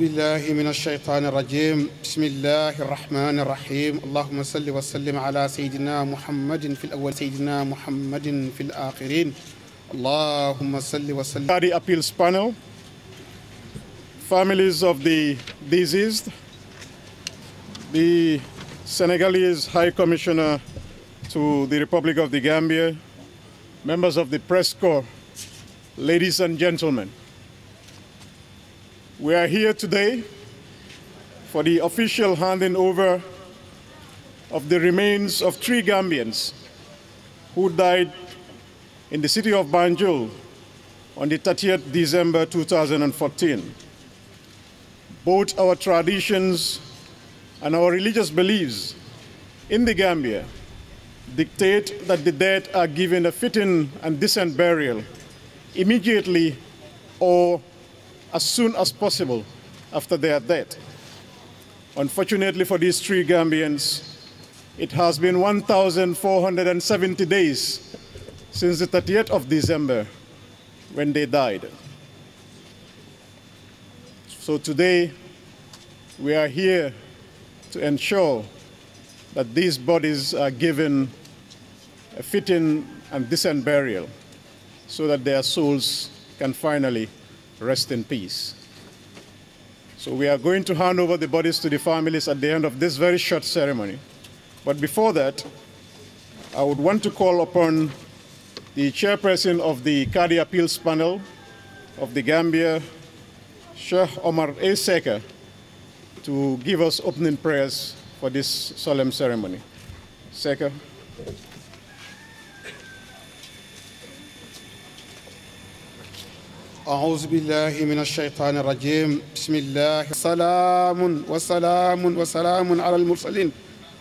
بالله من الشيطان الرجيم بسم الله الرحمن الرحيم اللهم صل وسلم على سيدنا محمد في الأول سيدنا محمد في الآخرين اللهم صل وسلم Study Appeals Panel Families of the Diseased The Senegalese High Commissioner to the Republic of the Gambia Members of the press corps Ladies and gentlemen We are here today for the official handing over of the remains of three Gambians who died in the city of Banjul on the 30th December 2014. Both our traditions and our religious beliefs in the Gambia dictate that the dead are given a fitting and decent burial immediately or as soon as possible after their death. Unfortunately for these three Gambians, it has been 1,470 days since the 30th of December when they died. So today, we are here to ensure that these bodies are given a fitting and decent burial so that their souls can finally rest in peace. So we are going to hand over the bodies to the families at the end of this very short ceremony. But before that, I would want to call upon the chairperson of the Kadi Appeals Panel of the Gambia, Sheikh Omar A. to give us opening prayers for this solemn ceremony. Seka. أعوذ بالله من الشيطان الرجيم بسم الله سلام وسلام وسلام على المرسلين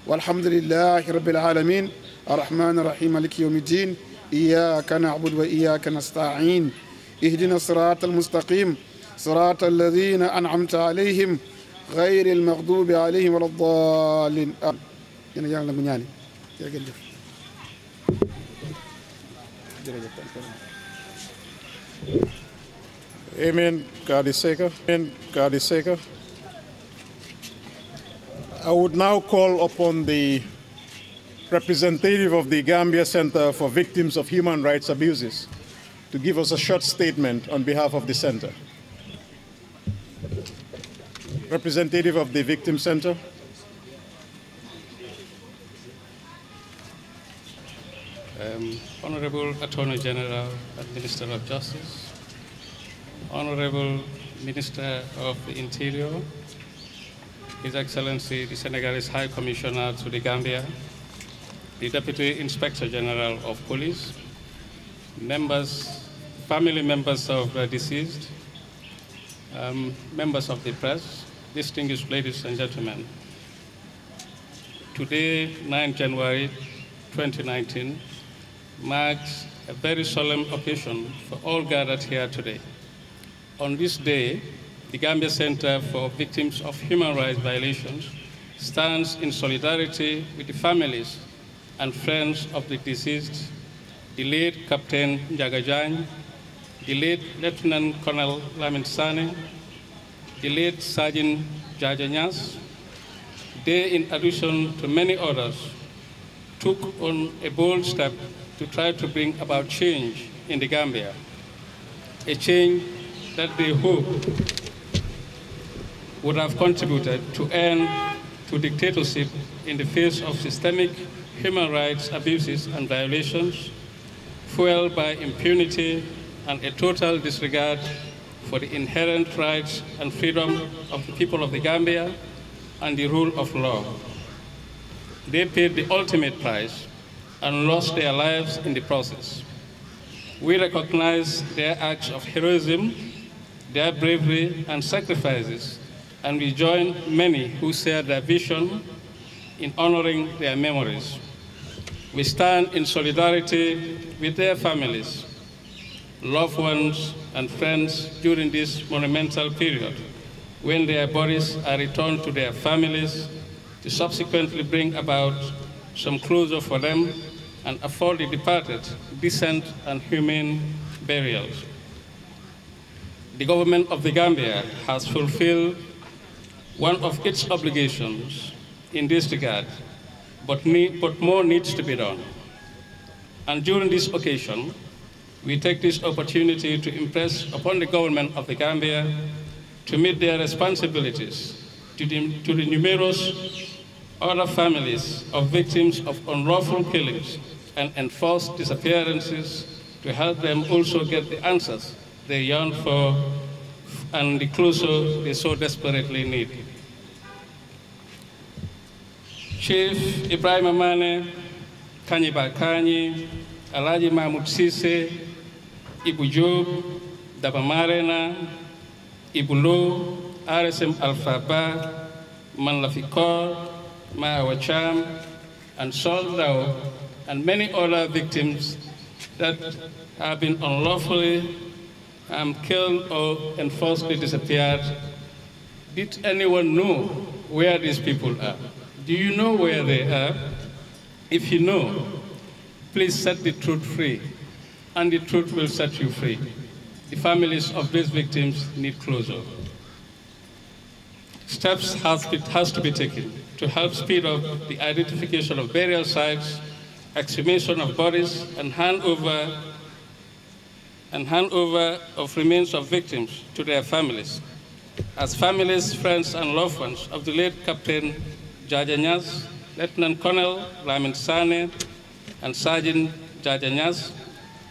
والحمد لله رب العالمين الرحمن الرحيم لك يوم الدين إياك نعبد وإياك نستعين اهدنا الصراط المستقيم صراط الذين أنعمت عليهم غير المغضوب عليهم ولا الضالين آه. يعني Thank you. Amen. God is sacred. Amen. God is sacred. I would now call upon the representative of the Gambia Center for Victims of Human Rights Abuses to give us a short statement on behalf of the center. Representative of the Victim Center. Um, Honorable Attorney General and Minister of Justice, Honorable Minister of the Interior, His Excellency the Senegalese High Commissioner to the Gambia, the Deputy Inspector General of Police, members, family members of the deceased, um, members of the press, distinguished ladies and gentlemen. Today, 9 January 2019, marks a very solemn occasion for all gathered here today. On this day, the Gambia Center for Victims of Human Rights Violations stands in solidarity with the families and friends of the deceased, the late Captain Njagajany, the late Lieutenant Colonel Lamin Sane, the late Sergeant Jajanyas. They, in addition to many others, took on a bold step to try to bring about change in the Gambia, a change that they hope would have contributed to end to dictatorship in the face of systemic human rights abuses and violations, fueled by impunity and a total disregard for the inherent rights and freedom of the people of the Gambia and the rule of law. They paid the ultimate price and lost their lives in the process. We recognize their acts of heroism their bravery and sacrifices, and we join many who share their vision in honoring their memories. We stand in solidarity with their families, loved ones, and friends during this monumental period when their bodies are returned to their families to subsequently bring about some closure for them and afford the departed decent and humane burials the government of the Gambia has fulfilled one of its obligations in this regard, but, need, but more needs to be done. And during this occasion, we take this opportunity to impress upon the government of the Gambia to meet their responsibilities to the, to the numerous other families of victims of unlawful killings and enforced disappearances to help them also get the answers they yearn for and the closure they so desperately need. Chief Ibrahim Amane, Kanyi Balkanyi, Alaji Mahmoud Sise, Ibu Job, Dabamarena, Ibu Lo, RSM Alfaba, Manlafikor, Maya and Soldao, and many other victims that have been unlawfully um, killed or, and disappeared. Did anyone know where these people are? Do you know where they are? If you know, please set the truth free, and the truth will set you free. The families of these victims need closure. Steps has, has to be taken to help speed up the identification of burial sites, exhumation of bodies, and handover and handover of remains of victims to their families. As families, friends, and loved ones of the late Captain Jajanyas, Lieutenant Colonel Ramin Sane, and Sergeant Jajanyas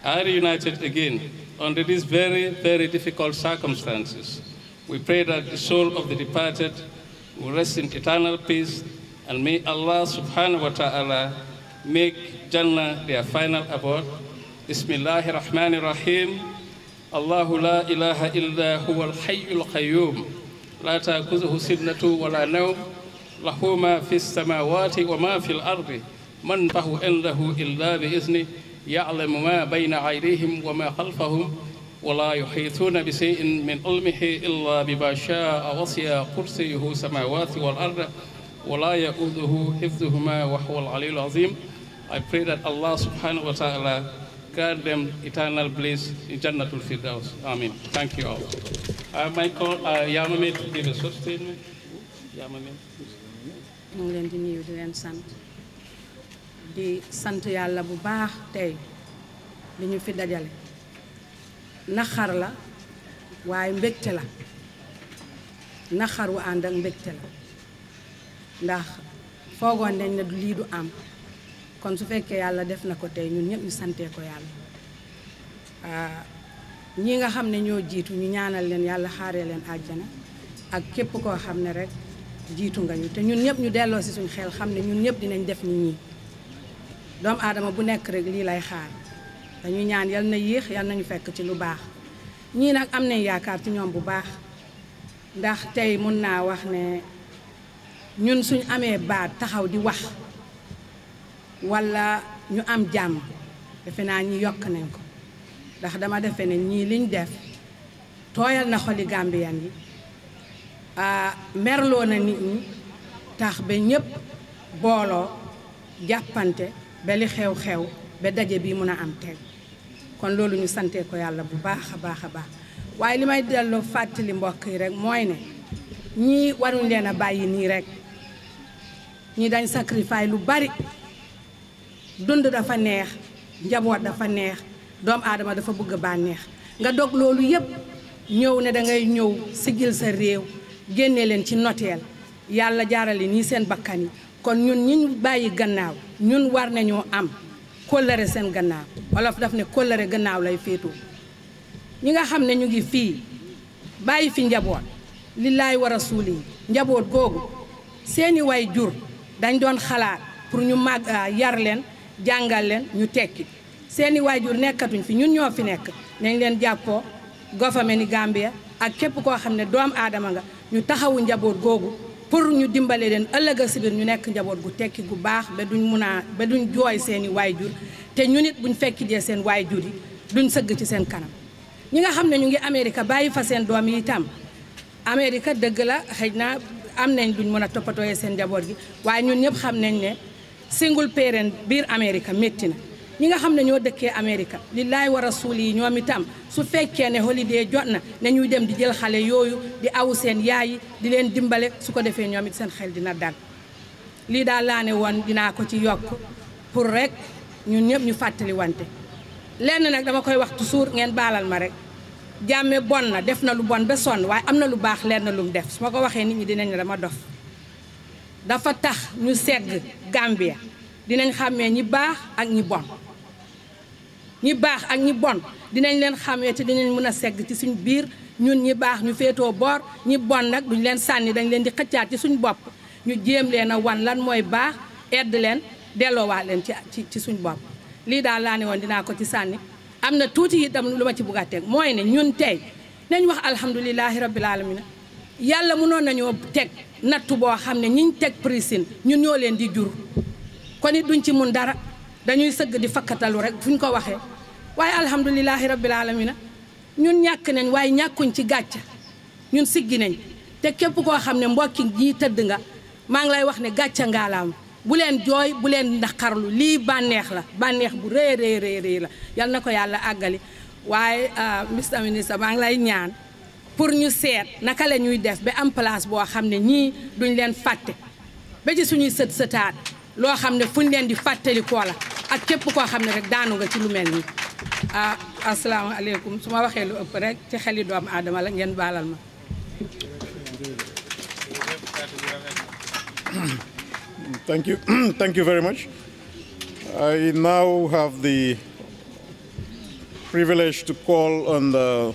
are reunited again under these very, very difficult circumstances. We pray that the soul of the departed will rest in eternal peace, and may Allah subhanahu wa ta'ala make Jannah their final abode بسم الله الرحمن الرحيم الله لا إله إلا هو الحي القيوم لا تأخذه سنة ولا نوم له ما في السماوات وما في الأرض من له عنده إلا بإذنه يعلم ما بين عينيهم وما خلفهم ولا يحيطون بشيء من علمه إلا بما شاء وصيا كرسيه السماوات والأرض ولا يؤذه حفظهما وهو العلي العظيم I pray that Allah subhanahu wa ta'ala grant them eternal bliss in Jannatul Firdaus. Amen. Thank you all. Uh, my call, uh, Yamamit, give a short statement. Yamamit. ñu ngi leen di nuyu di leen sant di sant yàlla bu baax tey li ñu fi dajale naxar la waaye mbégte la naxar wu ànd ak mbégte la ndax foogoon nañ ne lii du am kon su fekkee yàlla def na ko tey ñun ñëpp ñu santee ko yàlla ah, ñi nga xam ne ñoo jiitu ñu ñaanal leen yàlla xaaree leen àjjana ak képp koo xam ne rek jiitu nga ñu te ñun ñëpp ñu delloo si suñu xel xam ne ñun ñëpp dinañ def ni ñii doomu aadama bu nekk rek lii lay xaar dañuy ñaan yal na yéex yal nañu fekk ci lu baax ñii nag am nañ yaakaar ci ñoom bu baax ndax tey mun naa wax ne ñun suñ amee baat taxaw di wax wala ñu am jàmm defe naa ñi yokk nañ ko ndax dama defe ne ñii liñ def tooyal na xoli gambien yi merloo na nit ñi tax ba ñépp booloo jàppante ba li xew-xew ba daje bi mun a am tey kon loolu ñu santee ko yàlla bu baax a baax a baax waaye li may delloo fàttali mbokk yi rek mooy ne ñii waruñ leen a bàyyi nii rek ñii dañ sacrifice lu bari dund dafa neex njaboot dafa neex doom aadama dafa bëgg bànneex nga dog loolu yépp ñëw ne da ngay ñëw sigil sa réew génne leen ci noteel yàlla jaarale nii seen bakkan kon ñun ñi ñu bàyyi gannaaw ñun war nañoo am kóllëre seen gannaaw wolof daf ne kóllëre gannaaw lay féetoo ñi nga xam ne ñu ngi fii bàyyi fi njaboot lillaay war a suuli njaboot googu seeni way jur dañ doon xalaat pour ñu màgg ah, yar leen jàngal leen ñu tekki seeni waajur nekkatuñ fi ñun ñoo fi nekk nañ leen jàppoo gofame ni gàmbia ak képp koo xam ne doom aadama nga ñu taxawu njaboot googu pour ñu dimbale leen ëllëg si biir ñu nekk njaboot gu tekki gu baax ba duñ mun a ba duñ jooy seeni waajur te ñu nit ñu fekki jee seen waajur yi duñ sëgg ci seen kanam ñi nga xam ne ñu ngi Amérique bàyyi fa seen doom yi itam Amérique dëgg la xëy na am nañ duñ mën a toppatooyee seen njaboot gi waaye ñëpp xam nañ ne singul parent biir Amérique métti na ñi nga xam ne ñoo dëkkee Amérique lillaay war a yi ñoom itam su fekkee ne holiday jot na ne ñuy dem di jël xale yooyu di aw seen yaay di leen dimbale su ko defee ñoom it seen xel dina dal lii daal laa ne woon dinaa ko ci yokk pour rek ñun ñëpp ñu fàttali wante lenn nag dama koy wax toujours ngeen baalal ma rek jàmme bon na def na lu bon ba sonn waaye am na lu baax lenn lu mu def su ma ko waxee nit ñi dinañ ne dama dof dafa tax ñu segg Gambia dinañ xàmmee ñi baax ak ñi bon ñi baax ak ñi bon dinañ leen xàmmee te mën a segg ci suñu biir ñun ñi baax ñu féetoo boor ñi bon nag duñ leen sànni dañ leen di xëccaat ci suñ bopp ñu jéem leen a wan lan mooy baax edd leen delloowaat leen ci ci suñ bopp lii daal laa ne woon dinaa ko ci sànni am na tuuti itam lu ma ci bugg a teg mooy ne ñun tey nañu wax alhamdulilahi rabbil alamina yàlla mënoon nañoo teg nattu boo xam ne ñiñ teg prison ñun ñoo leen di jur kon it duñ ci mun dara dañuy sëgg di fakkatalu rek fuñ ko waxe waaye alhamdulilahi rabbil alamina ñun ñàkk nañ waaye ñàkkuñ ci gàcca ñun siggi nañ te képp koo xam ne mbokki jii tëdd nga maa ngi lay wax ne gàcca ngaalaam bu leen jooy bu leen ndax xarlu lii bànneex la bànneex bu rëy rëy rëy la yal na ko yàlla àggali waaye euh, Mr Minister maa ngi lay ñaan pour ñu seet naka la ñuy def ba am place boo xam ne ñii duñ leen fàtte ba ci suñuy sët sëtaat loo xam ne fuñ leen di la ak képp koo xam ne rek daanu nga ci lu mel ah asalaamaaleykum su ma waxee lu ëpp rek ci xeli doomu aadama la ngeen baalal ma Thank you. Thank you very much. I now have the privilege to call on the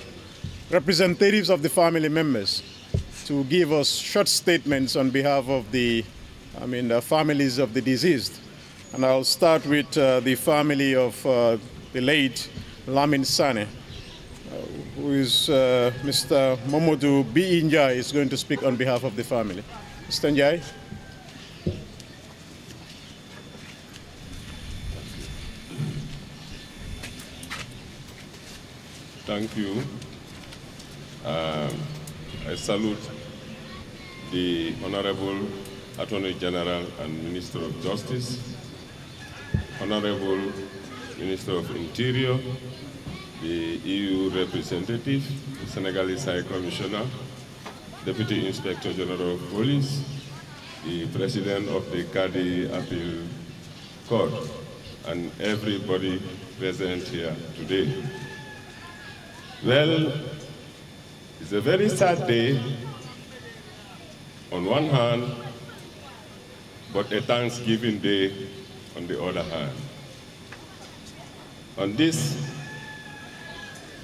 representatives of the family members to give us short statements on behalf of the, I mean, the families of the deceased. And I'll start with uh, the family of uh, the late Lamin Sane, uh, who is uh, Mr. Momodu B. Njai is going to speak on behalf of the family. Mr. Njai. Thank you. Um, I salute the Honorable Attorney General and Minister of Justice, Honorable Minister of Interior, the EU representative, the Senegalese High Commissioner, Deputy Inspector General of Police, the President of the Cadi Appeal Court, and everybody present here today. Well, it's a very sad day on one hand, but a Thanksgiving day on the other hand. On this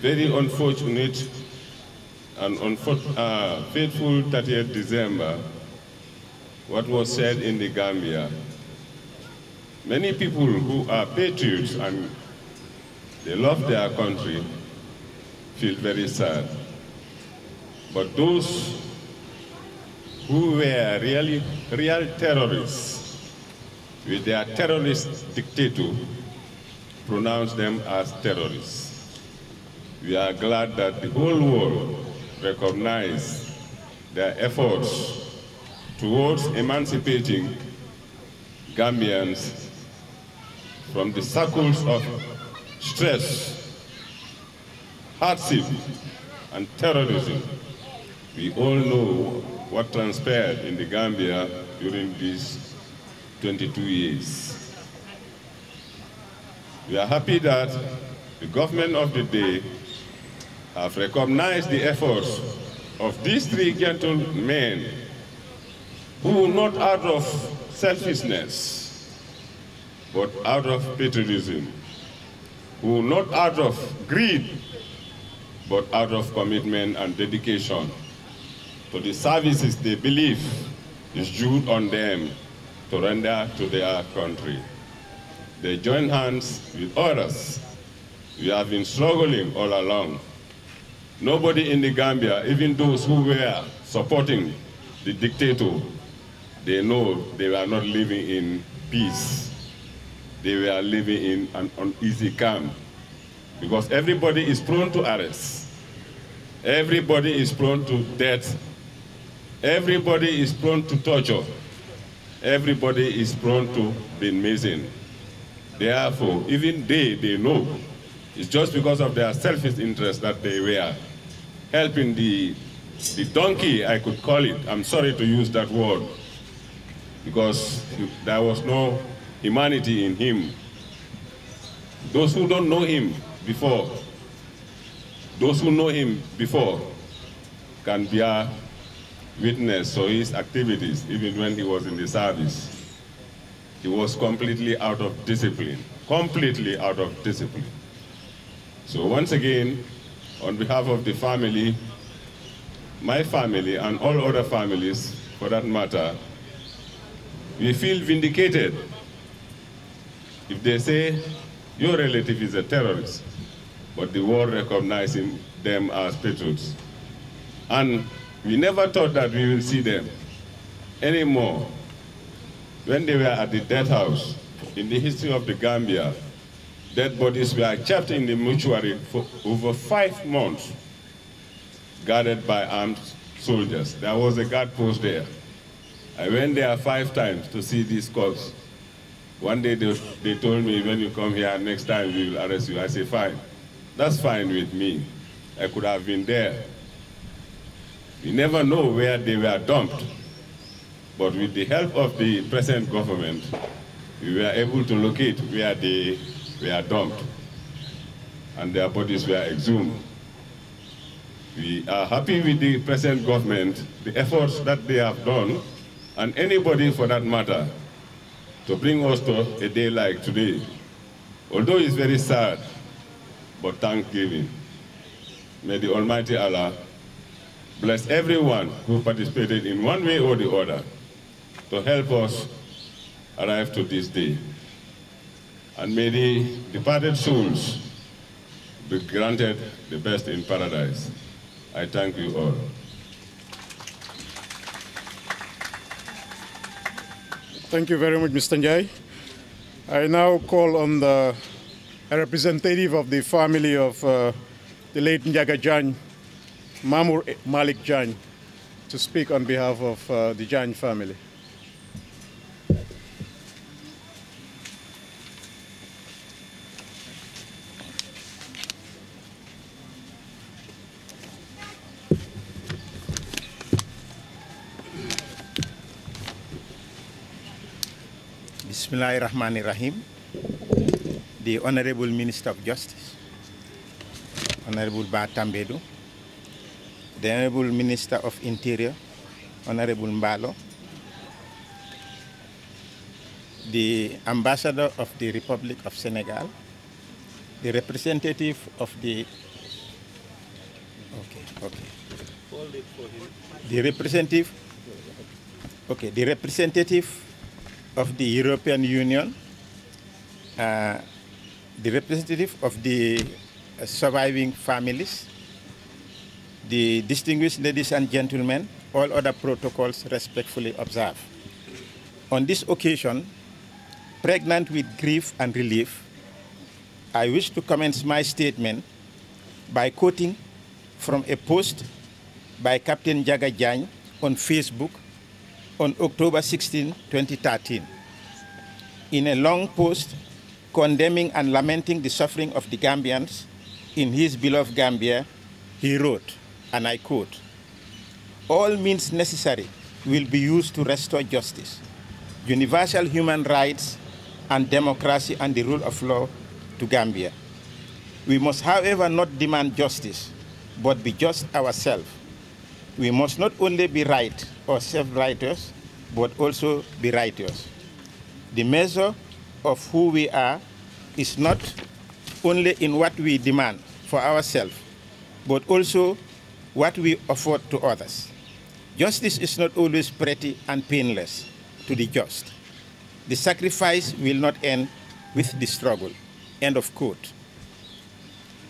very unfortunate and unfaithful uh, 30th December, what was said in the Gambia, many people who are patriots and they love their country feel very sad. But those who were really real terrorists with their terrorist dictator pronounced them as terrorists. We are glad that the whole world recognized their efforts towards emancipating Gambians from the circles of stress, hardship, and terrorism we all know what transpired in the Gambia during these 22 years. We are happy that the government of the day have recognized the efforts of these three gentlemen who not out of selfishness, but out of patriotism, who not out of greed, but out of commitment and dedication to the services they believe is due on them to render to their country. They join hands with others. We have been struggling all along. Nobody in the Gambia, even those who were supporting the dictator, they know they were not living in peace. They were living in an uneasy camp because everybody is prone to arrest. Everybody is prone to death Everybody is prone to torture. Everybody is prone to be missing. Therefore, even they, they know. It's just because of their selfish interest that they were helping the, the donkey, I could call it. I'm sorry to use that word because there was no humanity in him. Those who don't know him before, those who know him before can bear witness to his activities even when he was in the service. He was completely out of discipline, completely out of discipline. So once again, on behalf of the family, my family and all other families for that matter, we feel vindicated if they say your relative is a terrorist, but the world recognizes them as patriots. And we never thought that we will see them anymore. When they were at the death house, in the history of the Gambia, dead bodies were kept in the mortuary for over five months, guarded by armed soldiers. There was a guard post there. I went there five times to see these corpses. One day they, they told me, when you come here next time, we will arrest you. I said, fine. That's fine with me. I could have been there. We never know where they were dumped. But with the help of the present government, we were able to locate where they were dumped and their bodies were exhumed. We are happy with the present government, the efforts that they have done, and anybody for that matter, to bring us to a day like today. Although it's very sad, but thanksgiving. May the Almighty Allah Bless everyone who participated in one way or the other to help us arrive to this day. And may the departed souls be granted the best in paradise. I thank you all. Thank you very much, Mr. Njai. I now call on the a representative of the family of uh, the late Njaga Jan Mamur Malik Jain to speak on behalf of uh, the Jain family. Bismillahir Rahim, the Honorable Minister of Justice, Honorable Batambedu, the Honorable Minister of Interior, Honorable Mbalo, the Ambassador of the Republic of Senegal, the representative of the okay, okay. The representative okay, the representative of the European Union, uh, the representative of the surviving families, the distinguished ladies and gentlemen, all other protocols respectfully observed. On this occasion, pregnant with grief and relief, I wish to commence my statement by quoting from a post by Captain Jaga Jang on Facebook on October 16, 2013. In a long post condemning and lamenting the suffering of the Gambians in his beloved Gambia, he wrote, and I quote, all means necessary will be used to restore justice, universal human rights and democracy and the rule of law to Gambia. We must, however, not demand justice, but be just ourselves. We must not only be right or self-righteous, but also be righteous. The measure of who we are is not only in what we demand for ourselves, but also what we afford to others. Justice is not always pretty and painless to the just. The sacrifice will not end with the struggle. End of quote.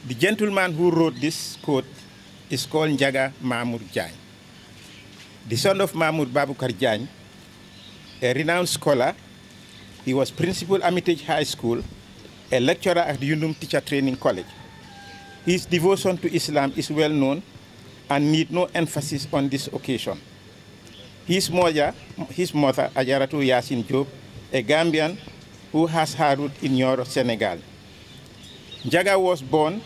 The gentleman who wrote this quote is called Njaga Mahmoud Jain. The son of Mahmoud Babukar Jain, a renowned scholar, he was principal Armitage High School, a lecturer at the Unum Teacher Training College. His devotion to Islam is well known and need no emphasis on this occasion. His mother, his mother Ajaratu Yasin Job, a Gambian who has her root in Europe, Senegal. Jaga was born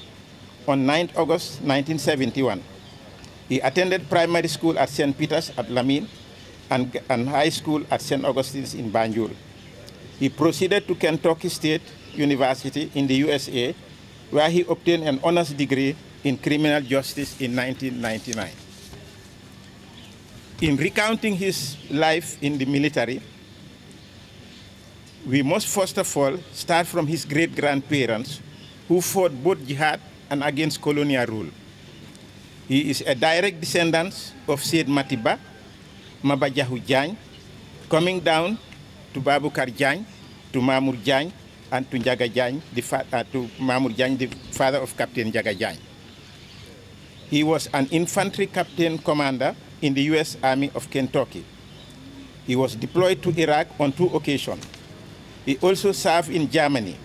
on 9 August 1971. He attended primary school at St. Peter's at Lamine and, and high school at St. Augustine's in Banjul. He proceeded to Kentucky State University in the USA, where he obtained an honors degree in criminal justice in 1999. In recounting his life in the military, we must first of all start from his great-grandparents who fought both jihad and against colonial rule. He is a direct descendant of Said Matiba, Mabajahu Jain, coming down to Babukar Jain, to Mamur Jain, and to Njaga the, uh, to Mamur Jain, the father of Captain Njaga he was an infantry captain commander in the U.S. Army of Kentucky. He was deployed to Iraq on two occasions. He also served in Germany.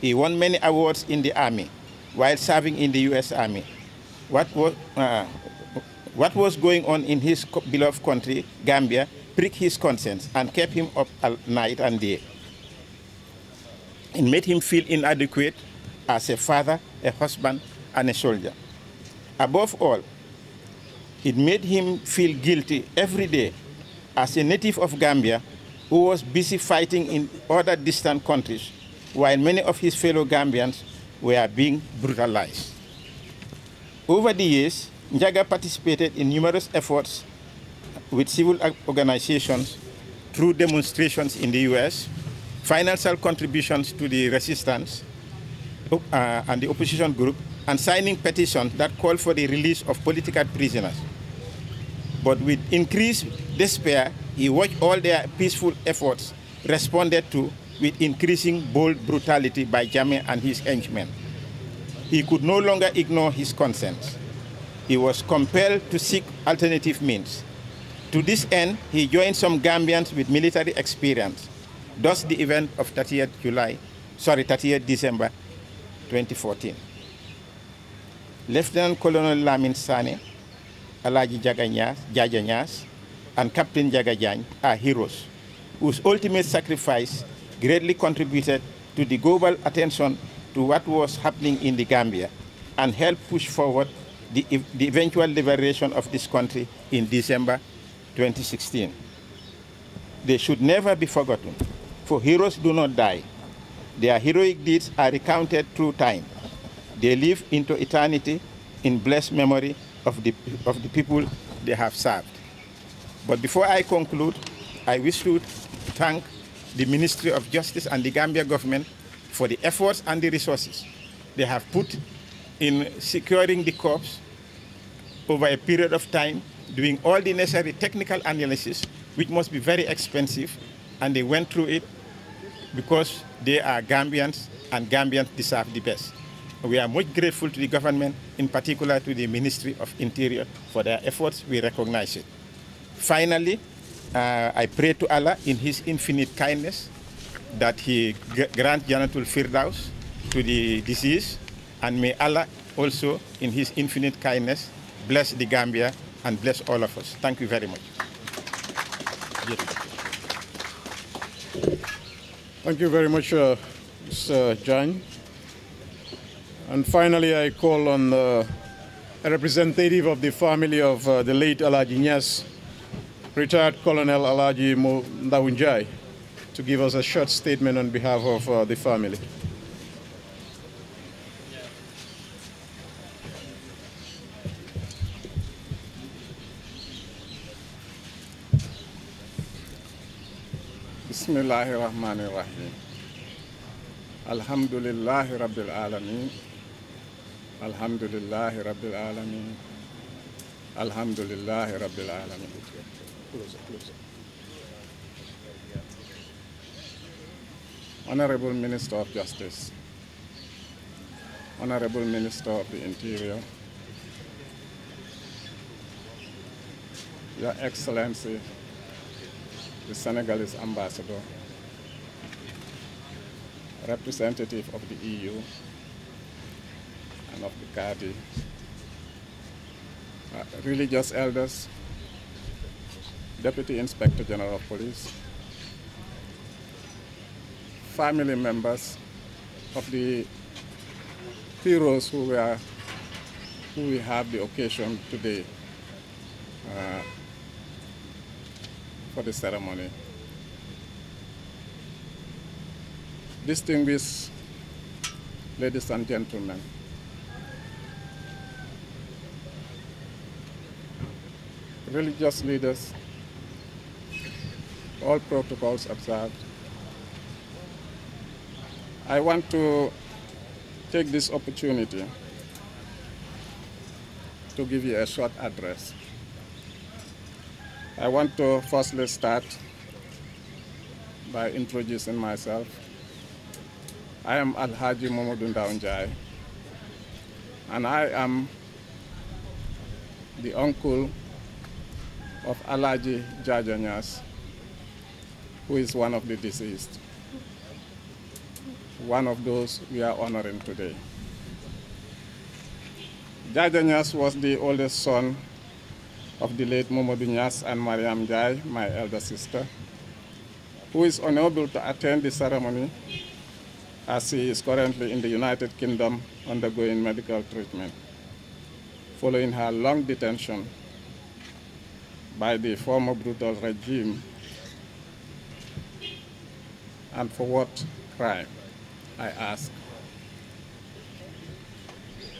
He won many awards in the Army while serving in the U.S. Army. What was, uh, what was going on in his beloved country, Gambia, pricked his conscience and kept him up night and day. It made him feel inadequate as a father, a husband, and a soldier. Above all, it made him feel guilty every day as a native of Gambia who was busy fighting in other distant countries while many of his fellow Gambians were being brutalized. Over the years, Njaga participated in numerous efforts with civil organizations through demonstrations in the US, financial contributions to the resistance, uh, and the opposition group and signing petitions that call for the release of political prisoners. But with increased despair, he watched all their peaceful efforts responded to with increasing bold brutality by Jame and his henchmen. He could no longer ignore his concerns. He was compelled to seek alternative means. To this end, he joined some Gambians with military experience, thus the event of 30th July, sorry, 30th December 2014. Lieutenant Colonel Lamin Sane, Alaji Jaganyas, and Captain Jagajan are heroes whose ultimate sacrifice greatly contributed to the global attention to what was happening in the Gambia and helped push forward the, the eventual liberation of this country in December 2016. They should never be forgotten, for heroes do not die, their heroic deeds are recounted through time. They live into eternity in blessed memory of the, of the people they have served. But before I conclude, I wish to thank the Ministry of Justice and the Gambia government for the efforts and the resources they have put in securing the corpse over a period of time, doing all the necessary technical analysis, which must be very expensive, and they went through it because they are Gambians, and Gambians deserve the best. We are much grateful to the government, in particular to the Ministry of Interior, for their efforts. We recognize it. Finally, uh, I pray to Allah in His infinite kindness that He grant Janatul Firdaus to the disease, and may Allah also, in His infinite kindness, bless the Gambia and bless all of us. Thank you very much. Thank you very much, uh, Mr. Jan. And finally, I call on the, a representative of the family of uh, the late Alaji Nyas, retired Colonel Alaji Ndawunjai, to give us a short statement on behalf of uh, the family. bismillahi alhamdulillahi rabbil alamin alhamdulillahi rabbil alamin alhamdulillahi rabbil alamin honorable minister of justice honorable minister of the interior your excellency the Senegalese ambassador, representative of the EU and of the Gadi, uh, religious elders, Deputy Inspector General of Police, family members of the heroes who, were, who we have the occasion today uh, for the ceremony. Distinguished ladies and gentlemen, religious leaders, all protocols observed. I want to take this opportunity to give you a short address. I want to firstly start by introducing myself. I am Alhaji Momodun Daunjai, and I am the uncle of Alhaji Jajanyas, who is one of the deceased, one of those we are honoring today. Jajanyas was the oldest son of the late Momodou Nyas and Mariam Jai, my elder sister, who is unable to attend the ceremony as he is currently in the United Kingdom undergoing medical treatment following her long detention by the former brutal regime and for what crime, I ask.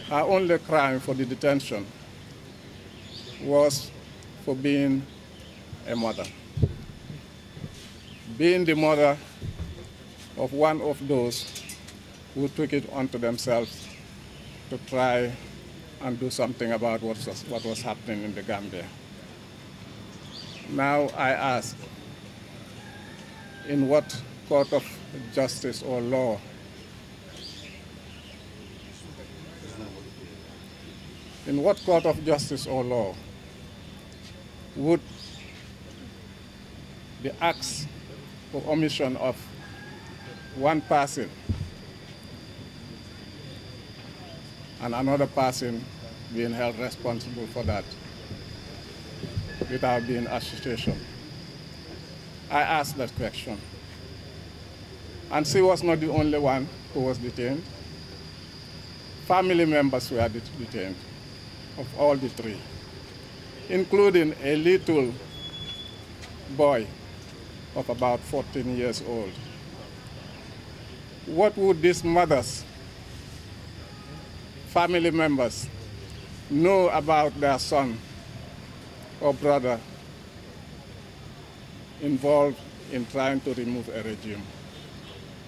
Her only crime for the detention was for being a mother. Being the mother of one of those who took it onto themselves to try and do something about what was, what was happening in the Gambia. Now I ask, in what court of justice or law in what court of justice or law would the acts of omission of one person and another person being held responsible for that without being association. I asked that question. And she was not the only one who was detained. Family members were detained of all the three including a little boy of about 14 years old. What would these mothers, family members, know about their son or brother involved in trying to remove a regime?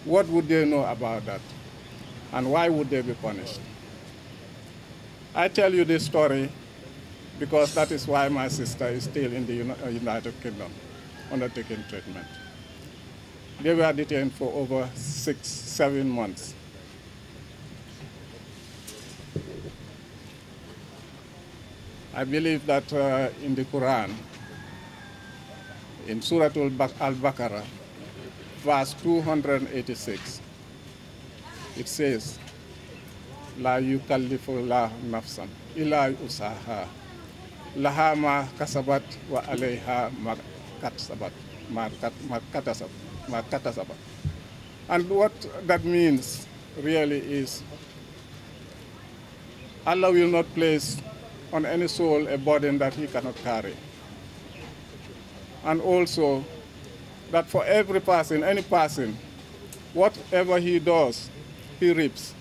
What would they know about that? And why would they be punished? I tell you this story because that is why my sister is still in the uh, United Kingdom undertaking treatment. They were detained for over six, seven months. I believe that uh, in the Quran, in Surah Al-Baqarah, verse 286, it says, "La يكلف la nafsan إلا usaha." laha ma kasabat wa alayha ma katasabat. Ma katasabat. Ma katasabat. And what that means really is Allah will not place on any soul a burden that he cannot carry. And also that for every person, any person, whatever he does, he reaps.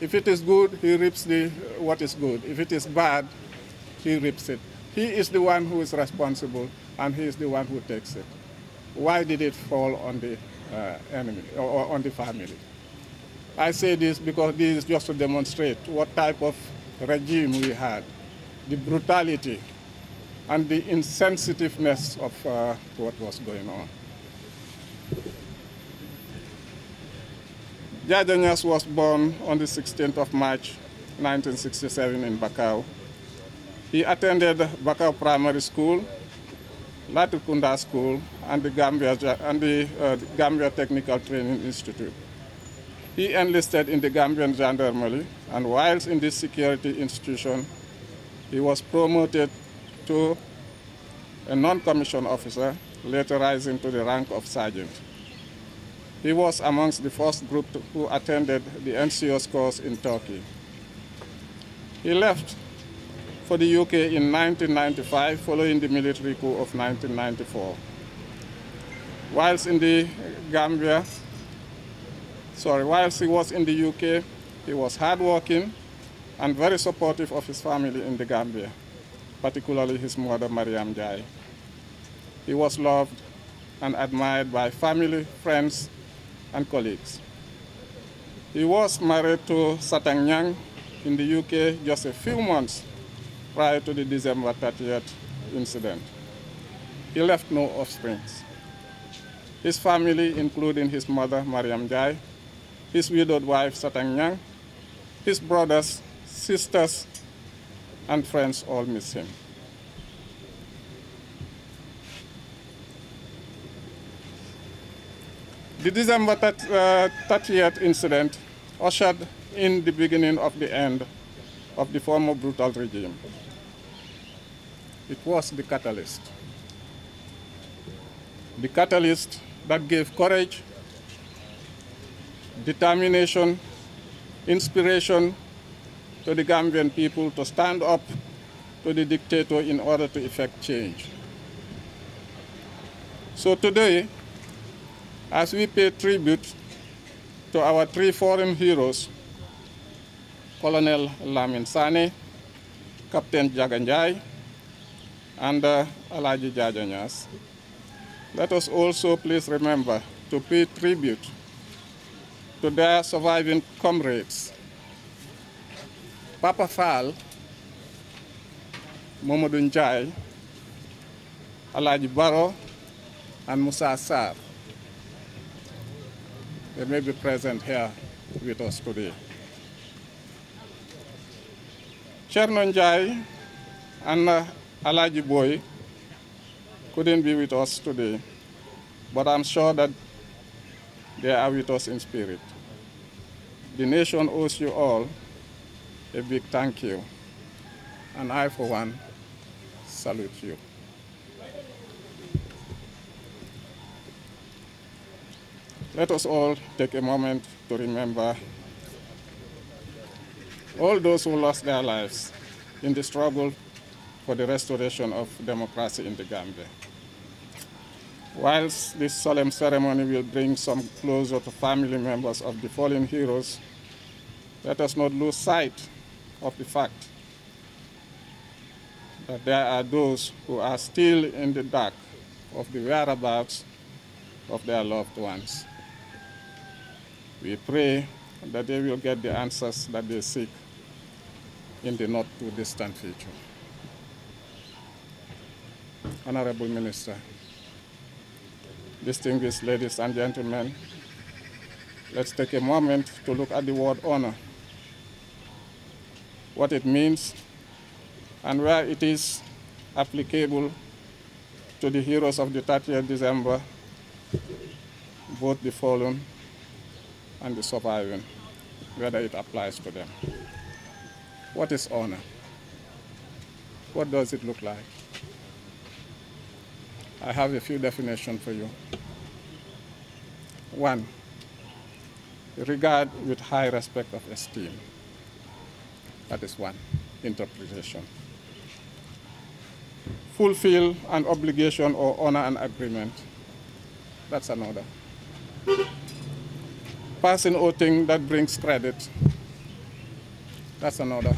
If it is good, he reaps the, what is good. If it is bad, he rips it. He is the one who is responsible and he is the one who takes it. Why did it fall on the uh, enemy or on the family? I say this because this is just to demonstrate what type of regime we had, the brutality and the insensitiveness of uh, what was going on. Jadenius was born on the 16th of March 1967 in Bacau he attended Baka Primary School, Latukunda School, and the Gambia, and the, uh, Gambia Technical Training Institute. He enlisted in the Gambian Gendarmerie, and whilst in this security institution, he was promoted to a non-commissioned officer, later rising to the rank of sergeant. He was amongst the first group who attended the NCO's course in Turkey. He left for the UK in 1995 following the military coup of 1994. Whilst in the Gambia, sorry, whilst he was in the UK, he was hardworking and very supportive of his family in the Gambia, particularly his mother, Mariam Jai. He was loved and admired by family, friends, and colleagues. He was married to Satang Nyang in the UK just a few months prior to the December 30th incident. He left no offspring. His family, including his mother, Mariam Jai, his widowed wife, Satang Nyang, his brothers, sisters, and friends all miss him. The December 30th uh, incident ushered in the beginning of the end of the former brutal regime. It was the catalyst. The catalyst that gave courage, determination, inspiration to the Gambian people to stand up to the dictator in order to effect change. So today, as we pay tribute to our three foreign heroes, Colonel Lamin Sane, Captain Jaganjai, under Alaji Jajanyas. Let us also please remember to pay tribute to their surviving comrades, Papa Fal, Momodun Jai, Alaji Baro, and Musa Sar. They may be present here with us today. Chernon Jai and uh, Alaji Boy couldn't be with us today, but I'm sure that they are with us in spirit. The nation owes you all a big thank you, and I, for one, salute you. Let us all take a moment to remember all those who lost their lives in the struggle for the restoration of democracy in the Gambia. Whilst this solemn ceremony will bring some closure to family members of the fallen heroes, let us not lose sight of the fact that there are those who are still in the dark of the whereabouts of their loved ones. We pray that they will get the answers that they seek in the not too distant future. Honorable Minister, distinguished ladies and gentlemen, let's take a moment to look at the word honor, what it means, and where it is applicable to the heroes of the 30th December, both the fallen and the surviving, whether it applies to them. What is honor? What does it look like? I have a few definitions for you. One, regard with high respect of esteem. That is one interpretation. Fulfill an obligation or honor an agreement. That's another. Pass an thing that brings credit. That's another.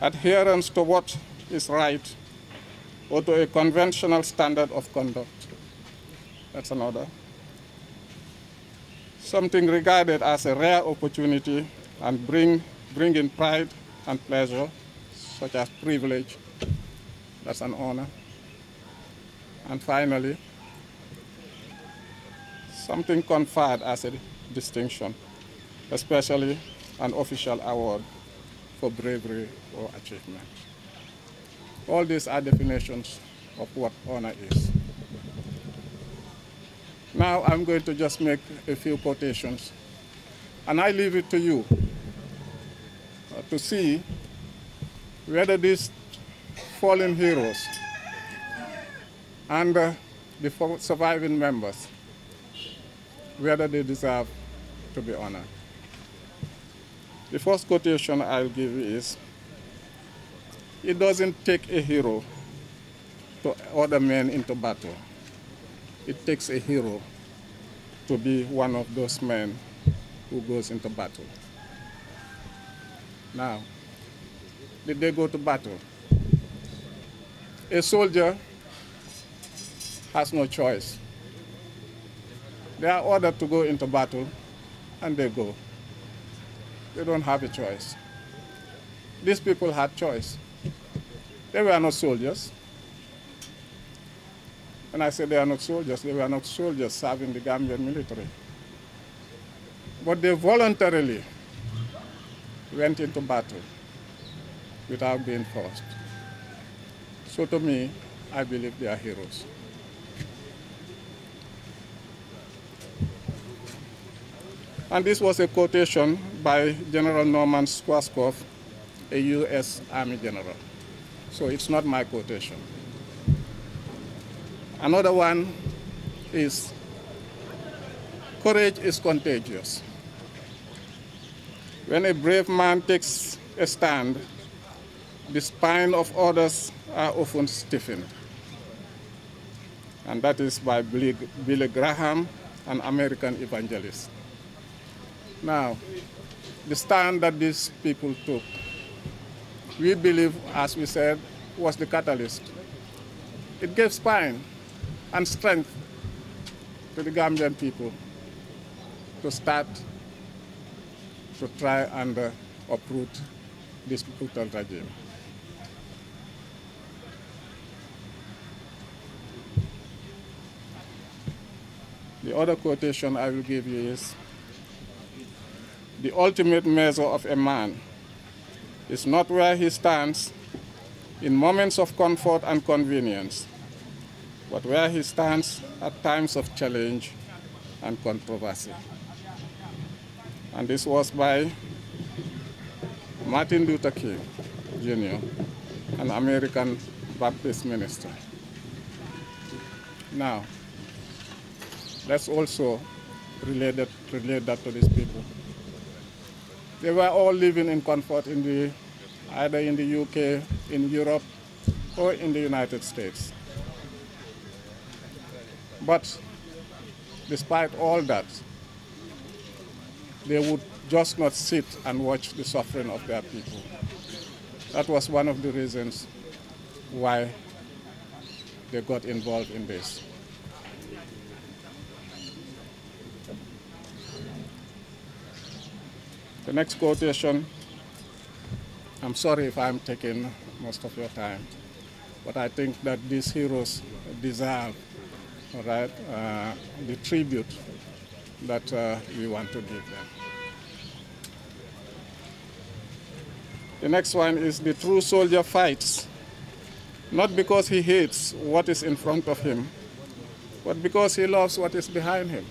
Adherence to what is right or to a conventional standard of conduct. That's another. Something regarded as a rare opportunity and bring, bring in pride and pleasure, such as privilege. That's an honor. And finally, something conferred as a distinction, especially an official award for bravery or achievement. All these are definitions of what honor is. Now I'm going to just make a few quotations. And I leave it to you uh, to see whether these fallen heroes and uh, the surviving members, whether they deserve to be honored. The first quotation I'll give is, it doesn't take a hero to order men into battle. It takes a hero to be one of those men who goes into battle. Now, did they go to battle? A soldier has no choice. They are ordered to go into battle, and they go. They don't have a choice. These people had choice. They were not soldiers. and I said they are not soldiers, they were not soldiers serving the Gambian military. But they voluntarily went into battle without being forced. So to me, I believe they are heroes. And this was a quotation by General Norman Schwarzkopf a U.S. Army general. So it's not my quotation. Another one is courage is contagious. When a brave man takes a stand, the spine of others are often stiffened. And that is by Billy, Graham, an American evangelist. Now, the stand that these people took we believe, as we said, was the catalyst. It gave spine and strength to the Gambian people to start to try and uh, uproot this brutal regime. The other quotation I will give you is, the ultimate measure of a man is not where he stands in moments of comfort and convenience, but where he stands at times of challenge and controversy. And this was by Martin Luther King Jr., an American Baptist minister. Now, let's also relate that, relate that to these people they were all living in comfort in the, either in the UK, in Europe, or in the United States. But despite all that, they would just not sit and watch the suffering of their people. That was one of the reasons why they got involved in this. The next quotation, I'm sorry if I'm taking most of your time, but I think that these heroes deserve right uh, the tribute that uh, we want to give them. The next one is the true soldier fights, not because he hates what is in front of him, but because he loves what is behind him.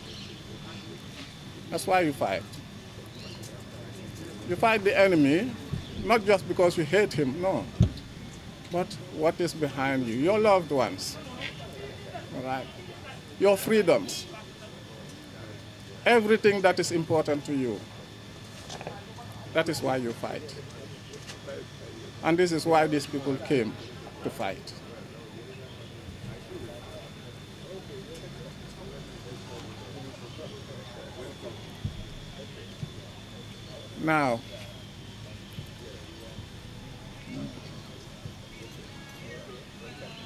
That's why you fight. You fight the enemy not just because you hate him, no, but what is behind you, your loved ones, all right, your freedoms, everything that is important to you. That is why you fight. And this is why these people came to fight. now.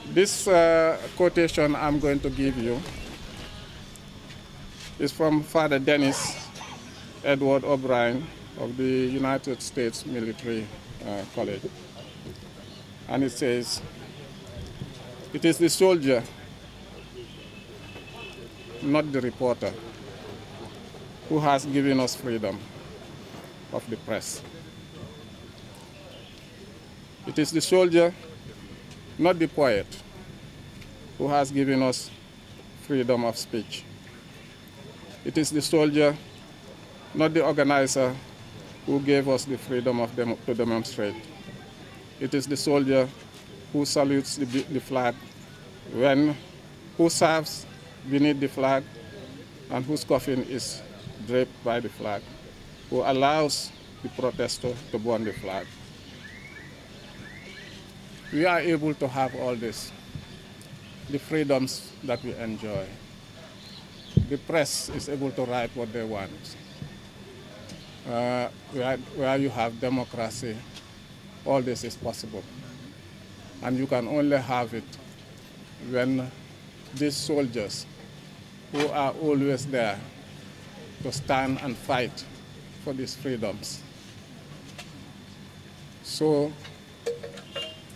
This uh, quotation I'm going to give you is from Father Dennis Edward O'Brien of the United States Military uh, College. And it says, it is the soldier, not the reporter, who has given us freedom of the press. It is the soldier, not the poet, who has given us freedom of speech. It is the soldier, not the organizer, who gave us the freedom of dem to demonstrate. It is the soldier who salutes the, the flag when who serves beneath the flag and whose coffin is draped by the flag who allows the protester to burn the flag. We are able to have all this, the freedoms that we enjoy. The press is able to write what they want. Uh, where, where you have democracy, all this is possible. And you can only have it when these soldiers who are always there to stand and fight for these freedoms. So,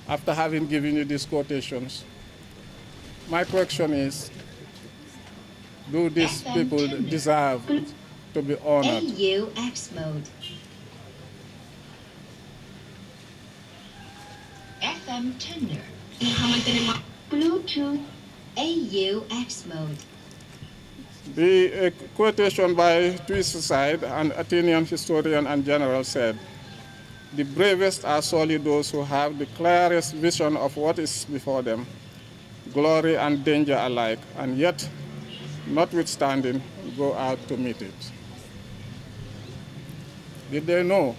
after having given you these quotations, my question is, do these FM people tender. deserve to be honored? AUX mode. FM tender. Bluetooth AUX mode. The uh, quotation by Twistside, an Athenian historian and general, said, The bravest are solely those who have the clearest vision of what is before them, glory and danger alike, and yet, notwithstanding, go out to meet it. Did they know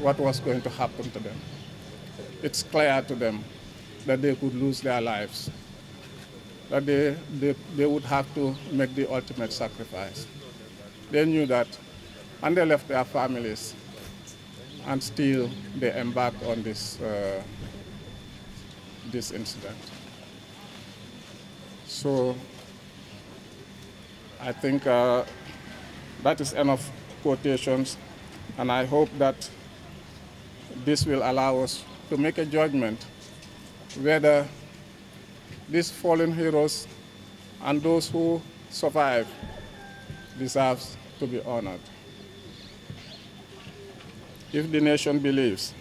what was going to happen to them? It's clear to them that they could lose their lives that they, they, they would have to make the ultimate sacrifice. They knew that, and they left their families, and still they embarked on this, uh, this incident. So I think uh, that is enough quotations, and I hope that this will allow us to make a judgment whether these fallen heroes and those who survive deserves to be honored. If the nation believes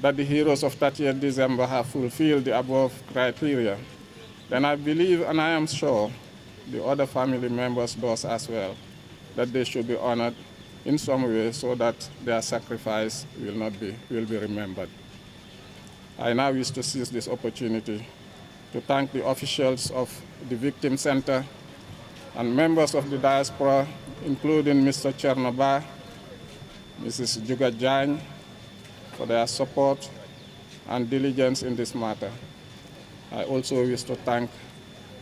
that the heroes of 30th December have fulfilled the above criteria, then I believe and I am sure the other family members does as well, that they should be honored in some way so that their sacrifice will not be, will be remembered. I now wish to seize this opportunity to thank the officials of the Victim Center and members of the diaspora, including Mr. Chernoba, Mrs. Juga for their support and diligence in this matter. I also wish to thank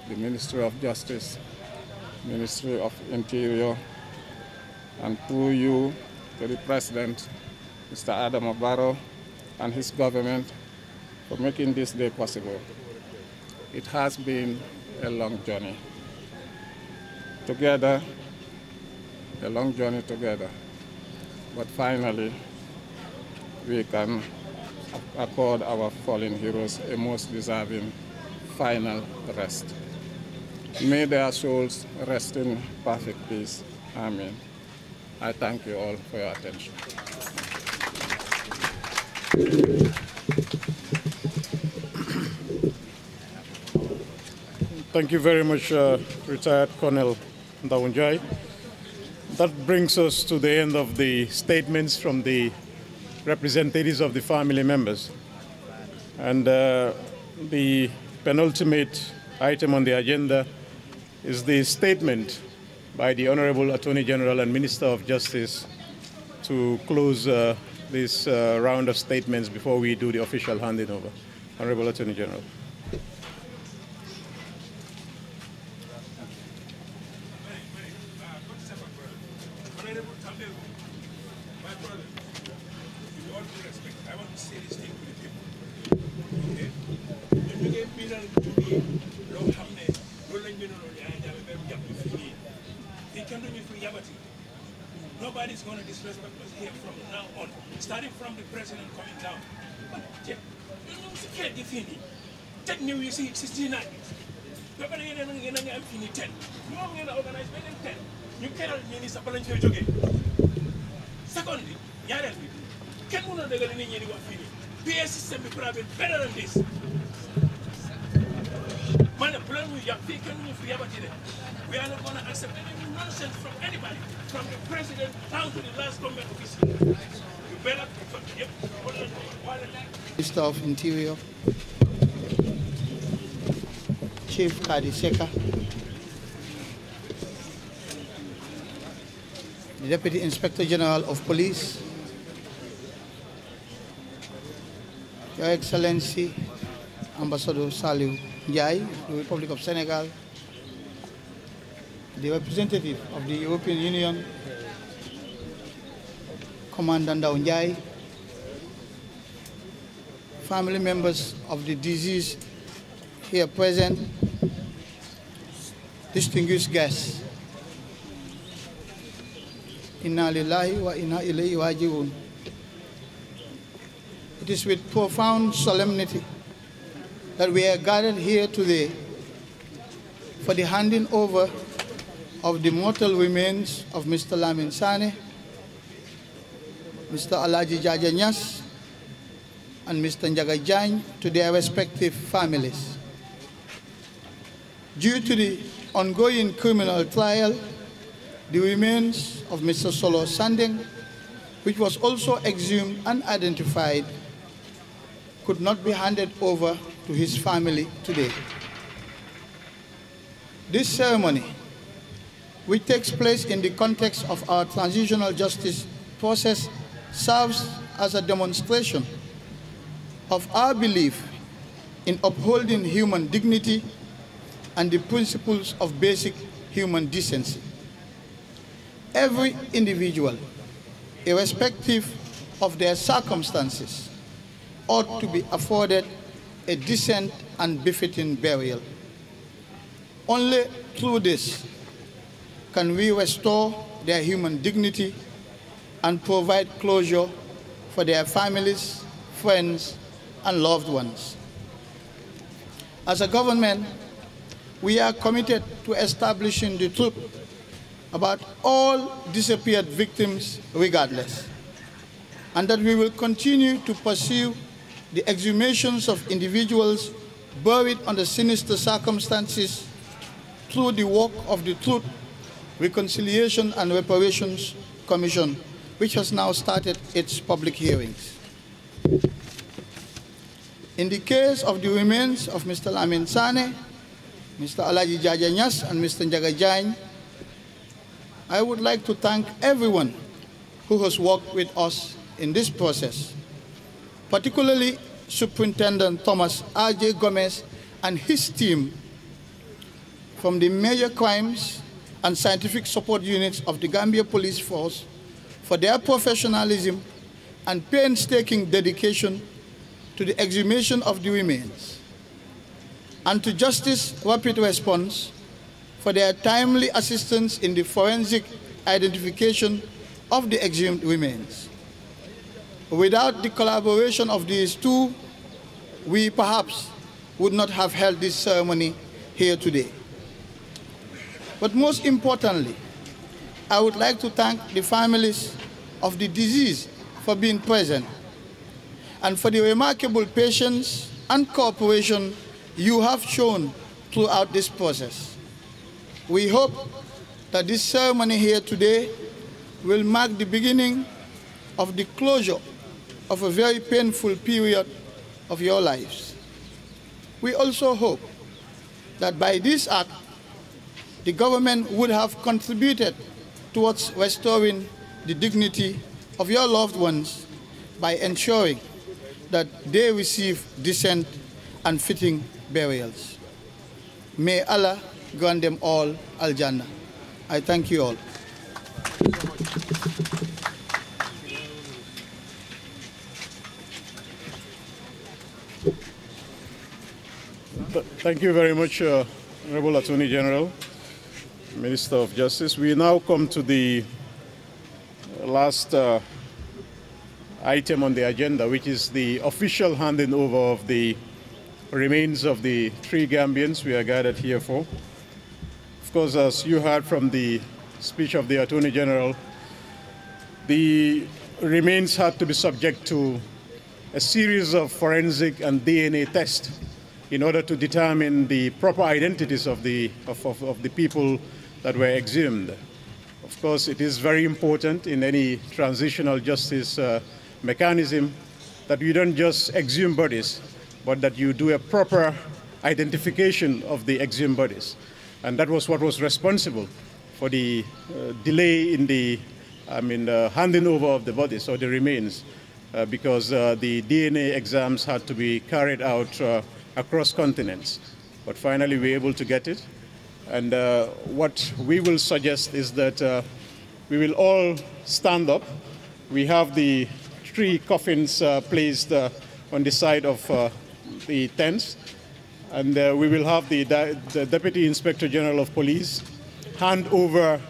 the Ministry of Justice, Ministry of Interior, and through you, to the President, Mr. Adam Obaro, and his government for making this day possible it has been a long journey. Together, a long journey together. But finally, we can accord our fallen heroes a most deserving final rest. May their souls rest in perfect peace. Amen. I thank you all for your attention. Thank you very much, uh, retired Colonel Ndawunjai. That brings us to the end of the statements from the representatives of the family members. And uh, the penultimate item on the agenda is the statement by the Honorable Attorney General and Minister of Justice to close uh, this uh, round of statements before we do the official handing over. Honorable Attorney General. Chief Kadiseka, the Deputy Inspector General of Police, Your Excellency Ambassador Salou Jai, the Republic of Senegal, the representative of the European Union, Commander Ndao Jai family members of the disease here present, distinguished guests. Inna lillahi wa inna ilayhi raji'un. It is with profound solemnity that we are gathered here today for the handing over of the mortal remains of Mr. Lamin Sane, Mr. Alaji Jajanyas, and Mr. Njagajan to their respective families. Due to the ongoing criminal trial, the remains of Mr. Solo Sanding, which was also exhumed and identified, could not be handed over to his family today. This ceremony, which takes place in the context of our transitional justice process, serves as a demonstration of our belief in upholding human dignity and the principles of basic human decency. Every individual, irrespective of their circumstances, ought to be afforded a decent and befitting burial. Only through this can we restore their human dignity and provide closure for their families, friends, and loved ones. As a government, we are committed to establishing the truth about all disappeared victims regardless, and that we will continue to pursue the exhumations of individuals buried under sinister circumstances through the work of the Truth, Reconciliation and Reparations Commission, which has now started its public hearings. In the case of the remains of Mr. Lamin Sane, Mr. Alaji Jajanyas, and Mr. Njagajain, I would like to thank everyone who has worked with us in this process, particularly Superintendent Thomas R.J. Gomez and his team from the major crimes and scientific support units of the Gambia Police Force for their professionalism and painstaking dedication to the exhumation of the remains, and to Justice Rapid Response for their timely assistance in the forensic identification of the exhumed remains. Without the collaboration of these two, we perhaps would not have held this ceremony here today. But most importantly, I would like to thank the families of the deceased for being present and for the remarkable patience and cooperation you have shown throughout this process. We hope that this ceremony here today will mark the beginning of the closure of a very painful period of your lives. We also hope that by this act, the government would have contributed towards restoring the dignity of your loved ones by ensuring that they receive decent and fitting burials. May Allah grant them all Al Jannah. I thank you all. Thank you very much, uh, Honorable Attorney General, Minister of Justice. We now come to the last uh, item on the agenda, which is the official handing over of the remains of the three Gambians we are gathered here for. Of course, as you heard from the speech of the Attorney General, the remains had to be subject to a series of forensic and DNA tests in order to determine the proper identities of the, of, of, of the people that were exhumed. Of course, it is very important in any transitional justice uh, mechanism that you don't just exhume bodies, but that you do a proper identification of the exhumed bodies. And that was what was responsible for the uh, delay in the, I mean, uh, handing over of the bodies or the remains, uh, because uh, the DNA exams had to be carried out uh, across continents. But finally, we were able to get it. And uh, what we will suggest is that we will all stand up. We have the three coffins uh, placed uh, on the side of uh, the tents. And we will have the, the Deputy Inspector General of Police hand over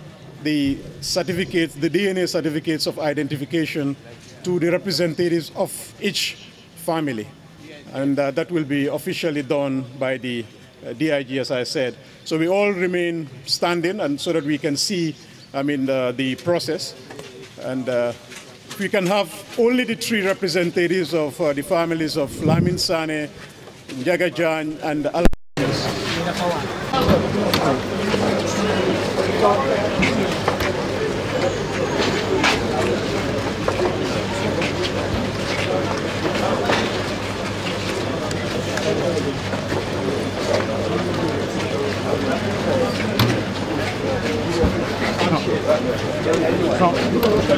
the certificates, the DNA certificates of identification to the representatives of each family. And uh, that will be officially done by the uh, DIG, as I said. So we all remain standing and so that we can see, I mean, uh, the process. And we can have only the three representatives of uh, the families of Lamin Sane, Jagajan, and Alanis. Come please.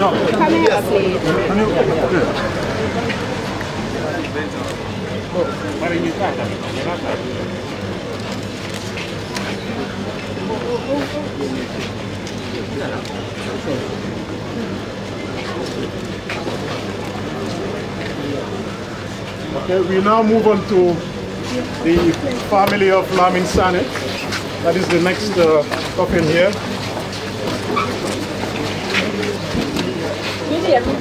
Okay, we now move on to the family of Lamin Sanet. That is the next uh, here. him.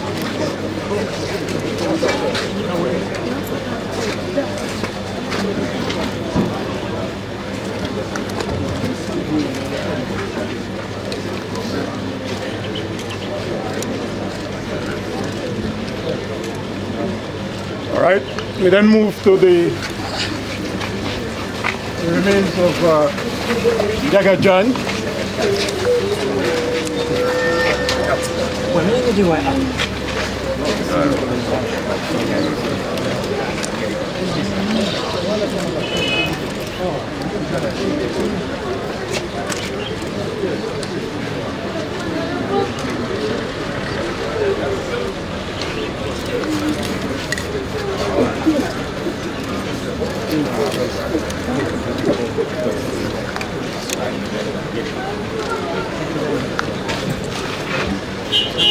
All right, we then move to the, remains of uh, Jagajan. do I up?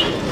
Thank you.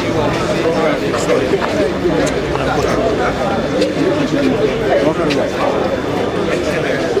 Thank you.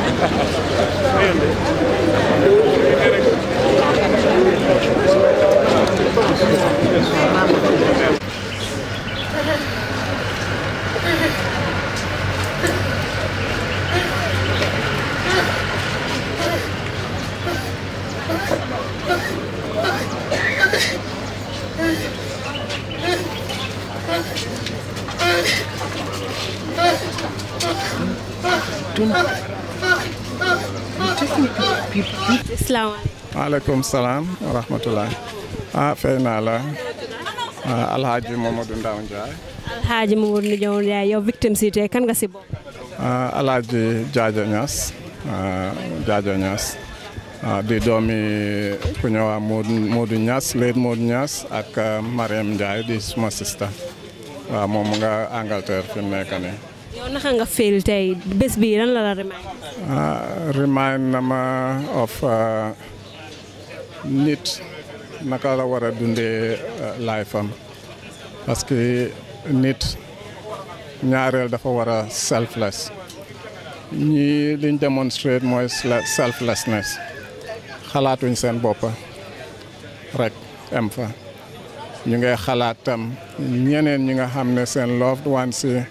Thank you. maaleykum salaam wa rahmatulah ah fay naa la ah, alhaji Mamadou Ndaw Ndiaye alhaji Mamadou Ndaw Ndiaye yow victime si kan nga ci bokk ah, alhaaji jaja nyas, ah, jaja nyas, di domi ku ñëwa Modou Ñas leet Modou Ñas ak Mariam Ndiaye di suma sista wa mom nga Angleterre fi nekkane yow naka nga feel tay bés bi lan la la remind remind na ma of nit naka la war a dundee euh, laay fam parce que nit ñaareel dafa war a selfless ñii liñ demonstrate mooy selflessness xalaatuñ seen boppa rek am fa ñu ngay xalaat tam ñeneen ñi nga xam ne seen loved ones yi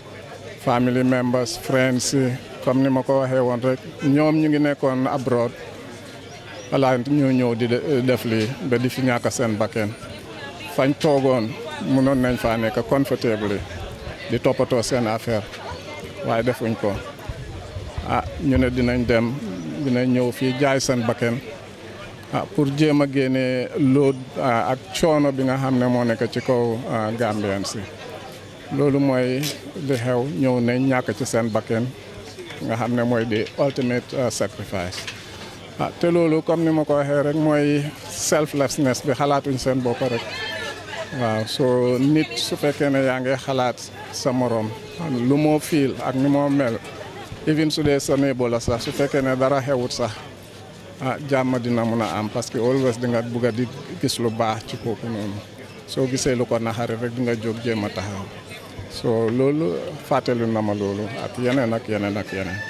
family members friends yi comme ni ma ko waxee woon rek ñoom ñu ngi nekkoon abroad balaa ñu ñëw di def lii ba di fi ñàkk seen bakken fañ toogoon mënoon nañ faa nekk confortable di toppatoo seen affaire waaye defuñ ko ah ñu ne dinañ dem dinañ ñëw fii jaay seen bakken ah pour jéem a génne lood ah, ak coono bi nga xam ne moo nekk ci kaw ah, Gambien si loolu mooy li ñëw nañ ñàkk ci seen bakken nga xam ne mooy di ultimate ah, sacrifice ah te loolu comme ni ma ko waxee rek mooy selflessness bi xalaatuñ seen bopp rek waaw soo nit su fekkee ne yaa ngi xalaat sa moroom lu moo fiil ak ni moo mel even su dee sa néebo la sax su fekkee ne dara xewut sax ah jàmm dina mun a am parce que always di nga bugg a di gis lu baax ci kooku noonu soo gisee lu ko naxari rek di nga jóg jéem a taxaw soo loolu fàttali na ma loolu ak yeneen ak yeneen ak yeneen.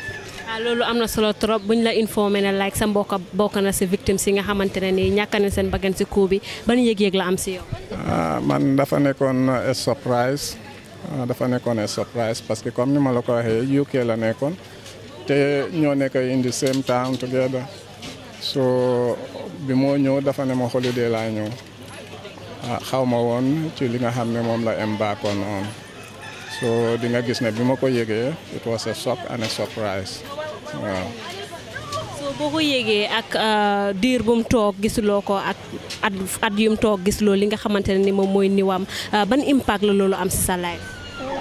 waaw ah, loolu am na solo trop buñ la informé ne like sa mbokk bokk na si victime si nga xamante ne nii ñàkk na seen bakkan si coup bi ban yëg-yëg la am si yow. Ah, man dafa nekkoon surprise ah, dafa nekkoon surprise parce que comme ni ma la ko waxee UK la nekkoon te ñoo nekk in the same town together so bi moo ñëw dafa ne ma holiday laa ñëw xaw ma woon ci li nga xam ne moom la embark on so di nga gis ne bi ma ko yëgee it was waaw. soo boo ko yéegee ak uh, diir bu mu toog gisuloo ko ak at at yu mu toog gisuloo li nga xamante ne ni moom mooy niwam uh, ban impact la loolu am si sa life.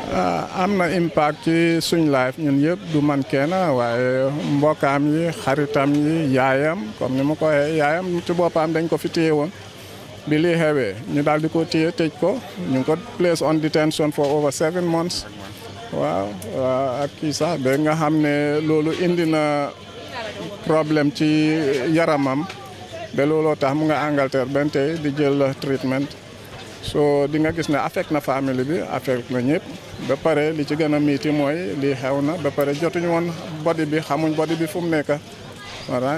Uh, am na impact ci suñ life ñun yëpp du man kenn waaye mbokkaam yi xaritam yi yaayam comme ni ma ko waxee yaayam ci boppam dañ ko fi téye woon. bi lii ñu daal di ko téye tëj ko ñu ngi ko place on detention for over seven months. waaw uh, kii sax nga ne loolu indi na problème ci yaramam ba looloo tax mu nga Angleterre ben tey di jël treatment so di nga gis ne affect na famille bi affect na ñëpp ba pare li ci gën a miiti mooy lii xew na ba pare jotuñu body bi xamuñ body bi fu mu nekk voilà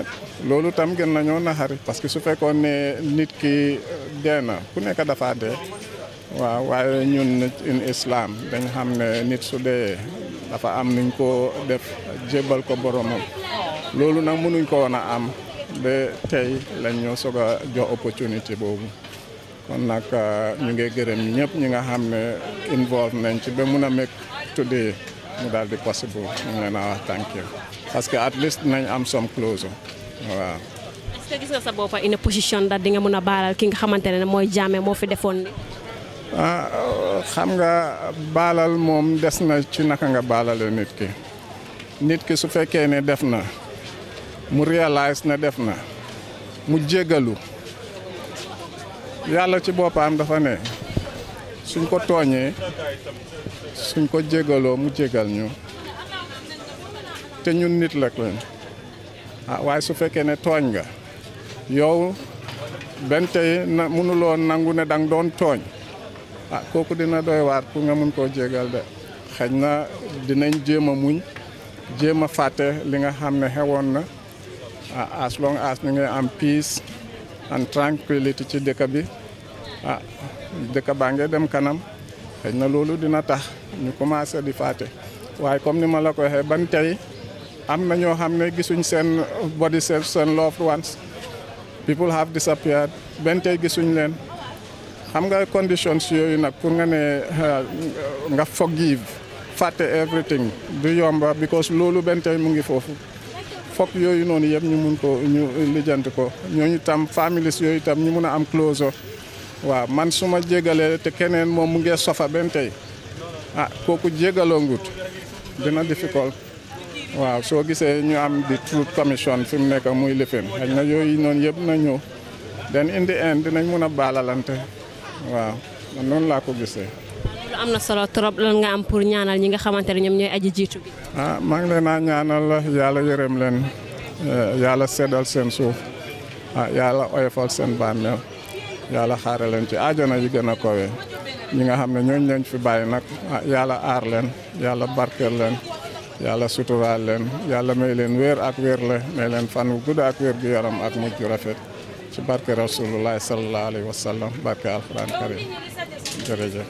loolu tam gën nañoo naxari parce que su fekkoon ne nit ki dee na ku nekk dafa dee waaw waaye ñun in islam dañ xam ne nit su dafa am nuñ ko def jébbal ko boromam loolu nag mënuñ ko woon a am ba tey lañ ñoo soog a jox opportunité boobu kon nag ah, ñu ngi gërëm ñëpp ñi nga xam ne involve nañ ci ba mun a mek tuddee mu daal di possible ñu ngi leen a wax thank you parce que at least nañ am some closure waaw. est que gis nga sa bopp in a position nga mën a baaral ki nga xamante ne mooy Jammeh moo fi defoon Ah, xam nga baalal moom des na ci naka nga baalale nit ki nit ki su fekkee ne def na mu réalise na def na mu jégalu yàlla ci boppam dafa ne suñ ko tooñee suñ ko jégaloo mu jégal ñu te ñun nit la lañ ah, waaye su fekkee ne tooñ nga yow benn tey na mënuloo nangu ne danga doon tooñ ah kooku dina doy waar pour nga mun koo jégal de xëy na dinañ jéem a muñ jéem a fàtte li nga xam ne xewoon na ah as long as ñu ngi am peace and tranquillity ci dëkk bi ah dëkk baa ngi dem kanam xëy na loolu dina tax ñu commencé di fàtte waaye comme ni ma la ko waxee ban tey am na ñoo xam ne gisuñ seen body self seen loved ones people have disappeared ban tey gisuñ leen. xam nga conditions yooyu nag pour nga ne euh, nga forgive fàtte everything du yomba because loolu benn tey mu ngi foofu foog yooyu noonu yëpp ñu mun ko ñu lijjanti ko ñooñu tam families yooyu tam ñu mun a am closure waaw man su ma jégalee te keneen moom mu ngi sofa benn tey ah kooku jégaloo ngut dina difficult waaw soo gisee ñu am di truth commission fi mu nekk muy lifin xëy na yooyu noonu yëpp na ñëw den in the end dinañ mun a baalalante waaw man noonu laa ko gisee. loolu am na solo trop lan nga am pour ñaanal ñi nga xamante ne ñoom ñooy aji jiitu bi. ah maa ngi leen ñaanal yàlla yërëm leen eh, yàlla seddal seen suuf ah yàlla oyofal seen bàmmeel yàlla xaare leen ci yi gën a ñi nga xam ne ñooñu lañ fi bàyyi nag ah, yàlla aar leen yàlla barkeel leen yàlla suturaal leen yàlla may leen wér ak wér la may leen fan gudd ak wér gu yaram ak mujj rafet. ci barke rasulullah sallallahu alayhi wa sallam barke alquran karim jërëjëf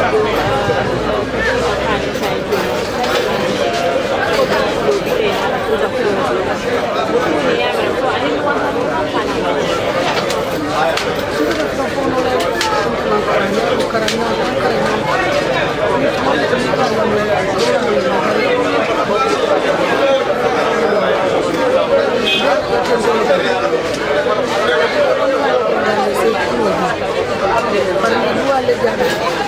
Thank you. Para kedua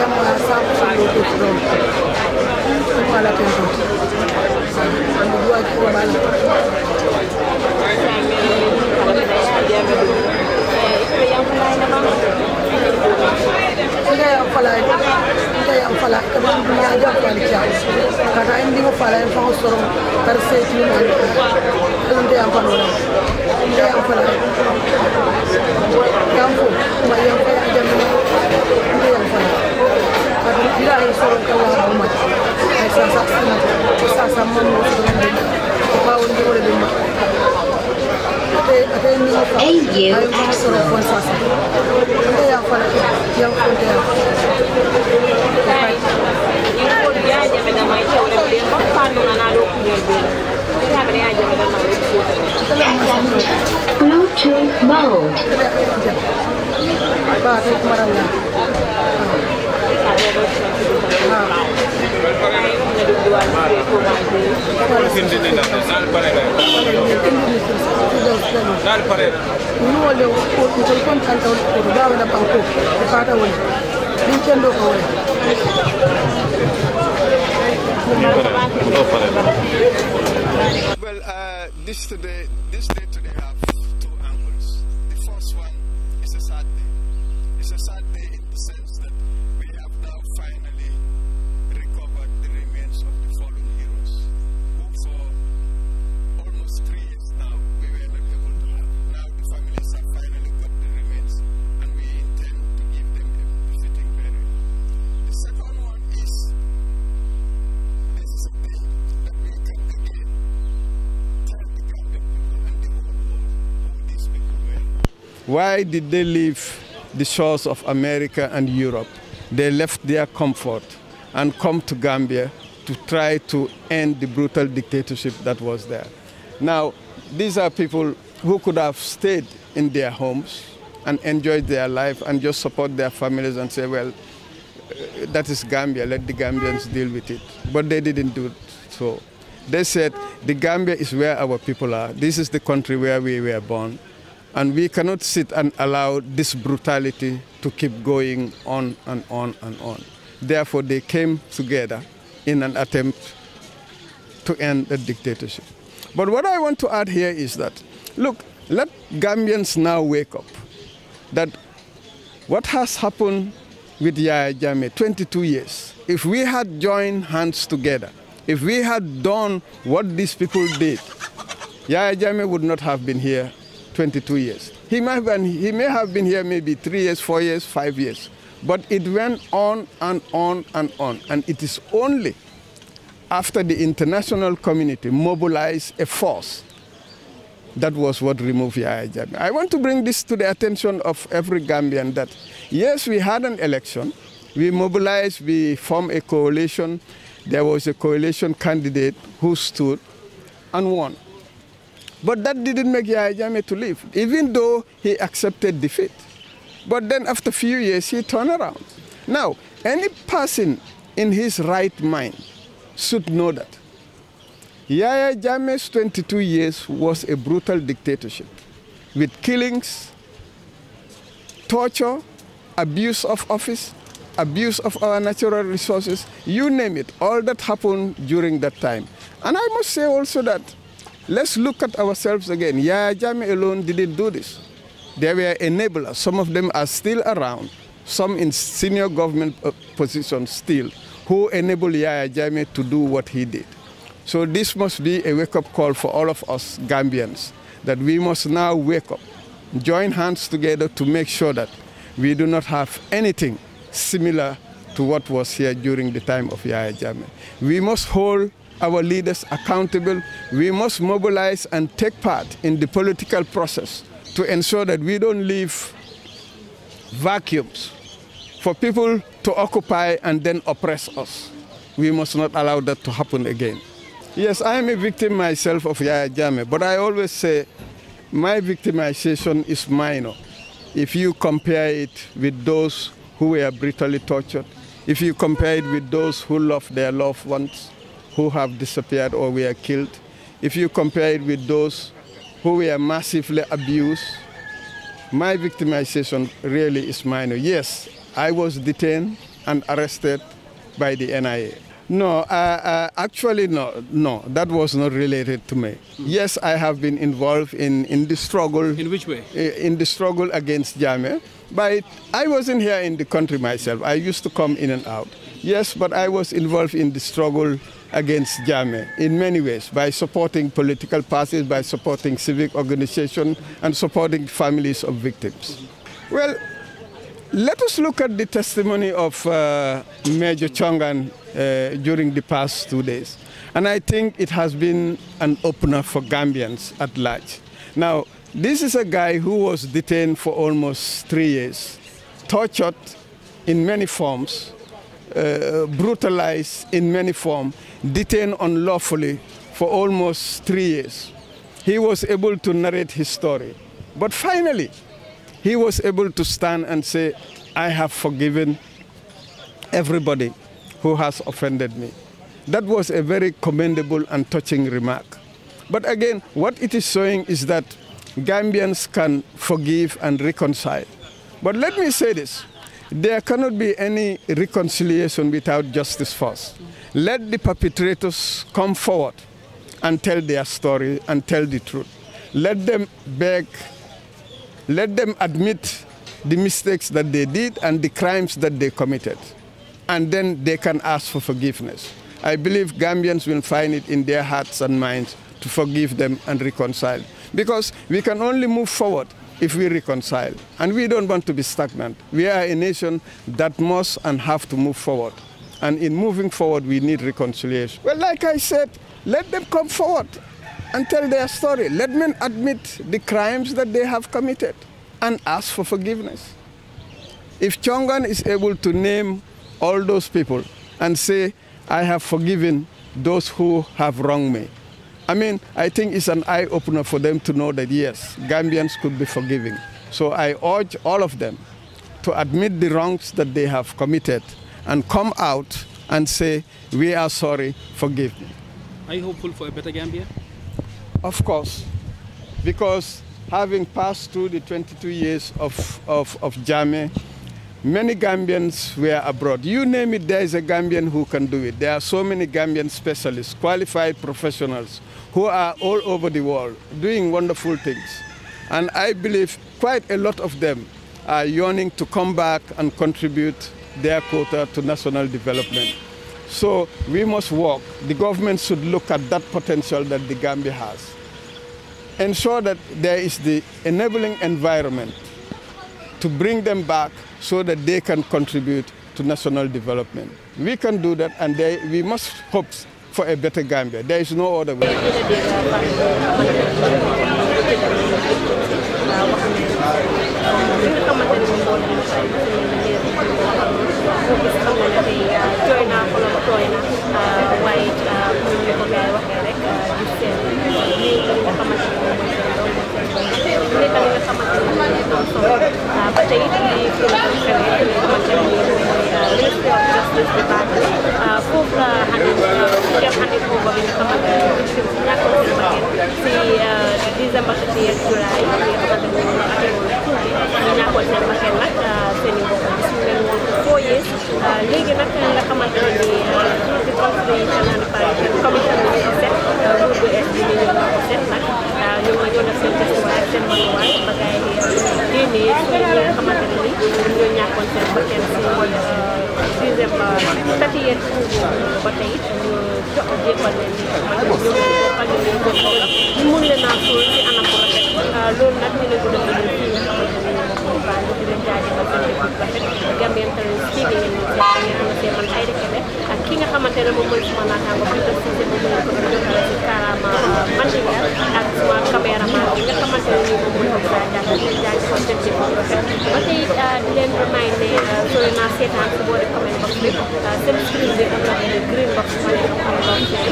J'aime ça pour l'autre front. Voilà la personne. Ça me doit être au bal. Kita yang falai, kita yang falai, kita itu nanti yang falai, itu yang paling kamu, mak yang falai aja, kita yang bila ay Bluetooth mode. dal pare to Well, uh, this today, this day today have Why did they leave the shores of America and Europe? They left their comfort and come to Gambia to try to end the brutal dictatorship that was there. Now, these are people who could have stayed in their homes and enjoyed their life and just support their families and say, well, uh, that is Gambia, let the Gambians deal with it. But they didn't do so. They said, the Gambia is where our people are. This is the country where we were born. And we cannot sit and allow this brutality to keep going on and on and on. Therefore, they came together in an attempt to end the dictatorship. But what I want to add here is that, look, let Gambians now wake up that what has happened with Yaya Jame, 22 years, if we had joined hands together, if we had done what these people did, Yaya Jame would not have been here 22 years. He, may have been, he may have been here maybe three years, four years, five years. But it went on and on and on. And it is only after the international community mobilized a force that was what removed Yahya Jammeh. I want to bring this to the attention of every Gambian that, yes, we had an election. We mobilized, we formed a coalition. There was a coalition candidate who stood and won. But that didn't make Yahya Jammeh to leave, even though he accepted defeat. But then after a few years, he turned around. Now, any person in his right mind should know that. Yahya Jammeh's 22 years was a brutal dictatorship with killings, torture, abuse of office, abuse of our natural resources, you name it, all that happened during that time. And I must say also that Let's look at ourselves again. Yaya Jame alone didn't do this. there were enablers. Some of them are still around, some in senior government uh, positions still, who enabled Yaya Jame to do what he did. So this must be a wake-up call for all of us Gambians, that we must now wake up, join hands together to make sure that we do not have anything similar to what was here during the time of Yaya Jammeh. We must hold our leaders accountable. We must mobilize and take part in the political process to ensure that we don't leave vacuums for people to occupy and then oppress us. We must not allow that to happen again. Yes, I am a victim myself of Yaya Jame, but I always say my victimization is minor if you compare it with those who were brutally tortured, if you compare it with those who lost their loved ones, who have disappeared or were killed, if you compare it with those who were massively abused, my victimization really is minor. Yes, I was detained and arrested by the NIA. No, uh, uh, actually, no, no, that was not related to me. Mm. Yes, I have been involved in, in the struggle. In which way? In the struggle against Jame. But I wasn't here in the country myself. I used to come in and out. Yes, but I was involved in the struggle against Jame in many ways, by supporting political parties, by supporting civic organizations, and supporting families of victims. Well, let us look at the testimony of uh, Major Chongan uh, during the past two days. And I think it has been an opener for Gambians at large. Now, this is a guy who was detained for almost three years, tortured in many forms, uh, brutalized in many forms, detained unlawfully for almost three years. He was able to narrate his story. But finally, he was able to stand and say, I have forgiven everybody who has offended me. That was a very commendable and touching remark. But again, what it is showing is that Gambians can forgive and reconcile. But let me say this there cannot be any reconciliation without justice first. Let the perpetrators come forward and tell their story and tell the truth. Let them beg, let them admit the mistakes that they did and the crimes that they committed. And then they can ask for forgiveness. I believe Gambians will find it in their hearts and minds to forgive them and reconcile. Because we can only move forward if we reconcile. And we don't want to be stagnant. We are a nation that must and have to move forward. And in moving forward, we need reconciliation. Well, like I said, let them come forward and tell their story. Let men admit the crimes that they have committed and ask for forgiveness. If Chongan is able to name all those people and say, I have forgiven those who have wronged me, I mean, I think it's an eye opener for them to know that yes, Gambians could be forgiving. So I urge all of them to admit the wrongs that they have committed and come out and say, we are sorry, forgive me. Are you hopeful for a better Gambia? Of course, because having passed through the 22 years of, of, of Jame, many Gambians were abroad. You name it, there is a Gambian who can do it. There are so many Gambian specialists, qualified professionals who are all over the world doing wonderful things. And I believe quite a lot of them are yearning to come back and contribute their quota to national development. So we must work. The government should look at that potential that the Gambia has. Ensure that there is the enabling environment to bring them back so that they can contribute to national development. We can do that and they, we must hope for a better Gambia. There is no other way. ini talaga sa material nito. So, uh, but I really feel confident in material nito. Ministry of Justice Department. Uh, po ba hanin, siya hanin po ba ito material? Siya ko si Si December sa siya July, siya ko sa mga material. Siya ko sa mga material. Siya mga mga léegi nag nga xamante ne nii jour ah, bi construction naan pare commission nag ñoom la ñoo def ba seen bakkan si ah, sixième statutaire ah, boobu ba tey jox jéppal leen ñi nga xamante ne ñoom ñoo xam leen a suul ci anam bu rafet loolu nag ñu ne ko rafet Gambian Talents TV ngeen mo ci ñi xamantene man ay dekk ak ki nga xamantene mom moy suma natango fi ko ci mo ko ko jokkale ci karama mandiga ak suma cameraman bi nga xamantene ni mom mo ko jaxal ci jaaj ko ci ci ko ba tay di len remindé sori na setan ci bo de comment box bi seen screen bi am na green box ma ne ko information ci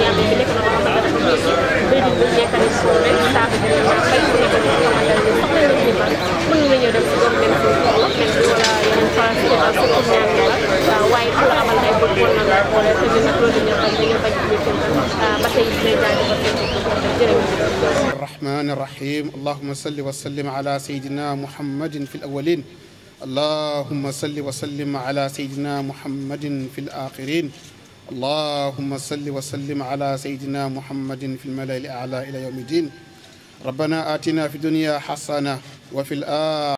ñaan bi nekk na ko الرحمن الرحيم اللهم صل وسلم على سيدنا محمد في الاولين اللهم صل وسلم على سيدنا محمد في الاخرين اللهم صل وسلم على سيدنا محمد في الملأ الأعلى إلى يوم الدين ربنا آتنا في الدنيا حسنة وفي الآخرة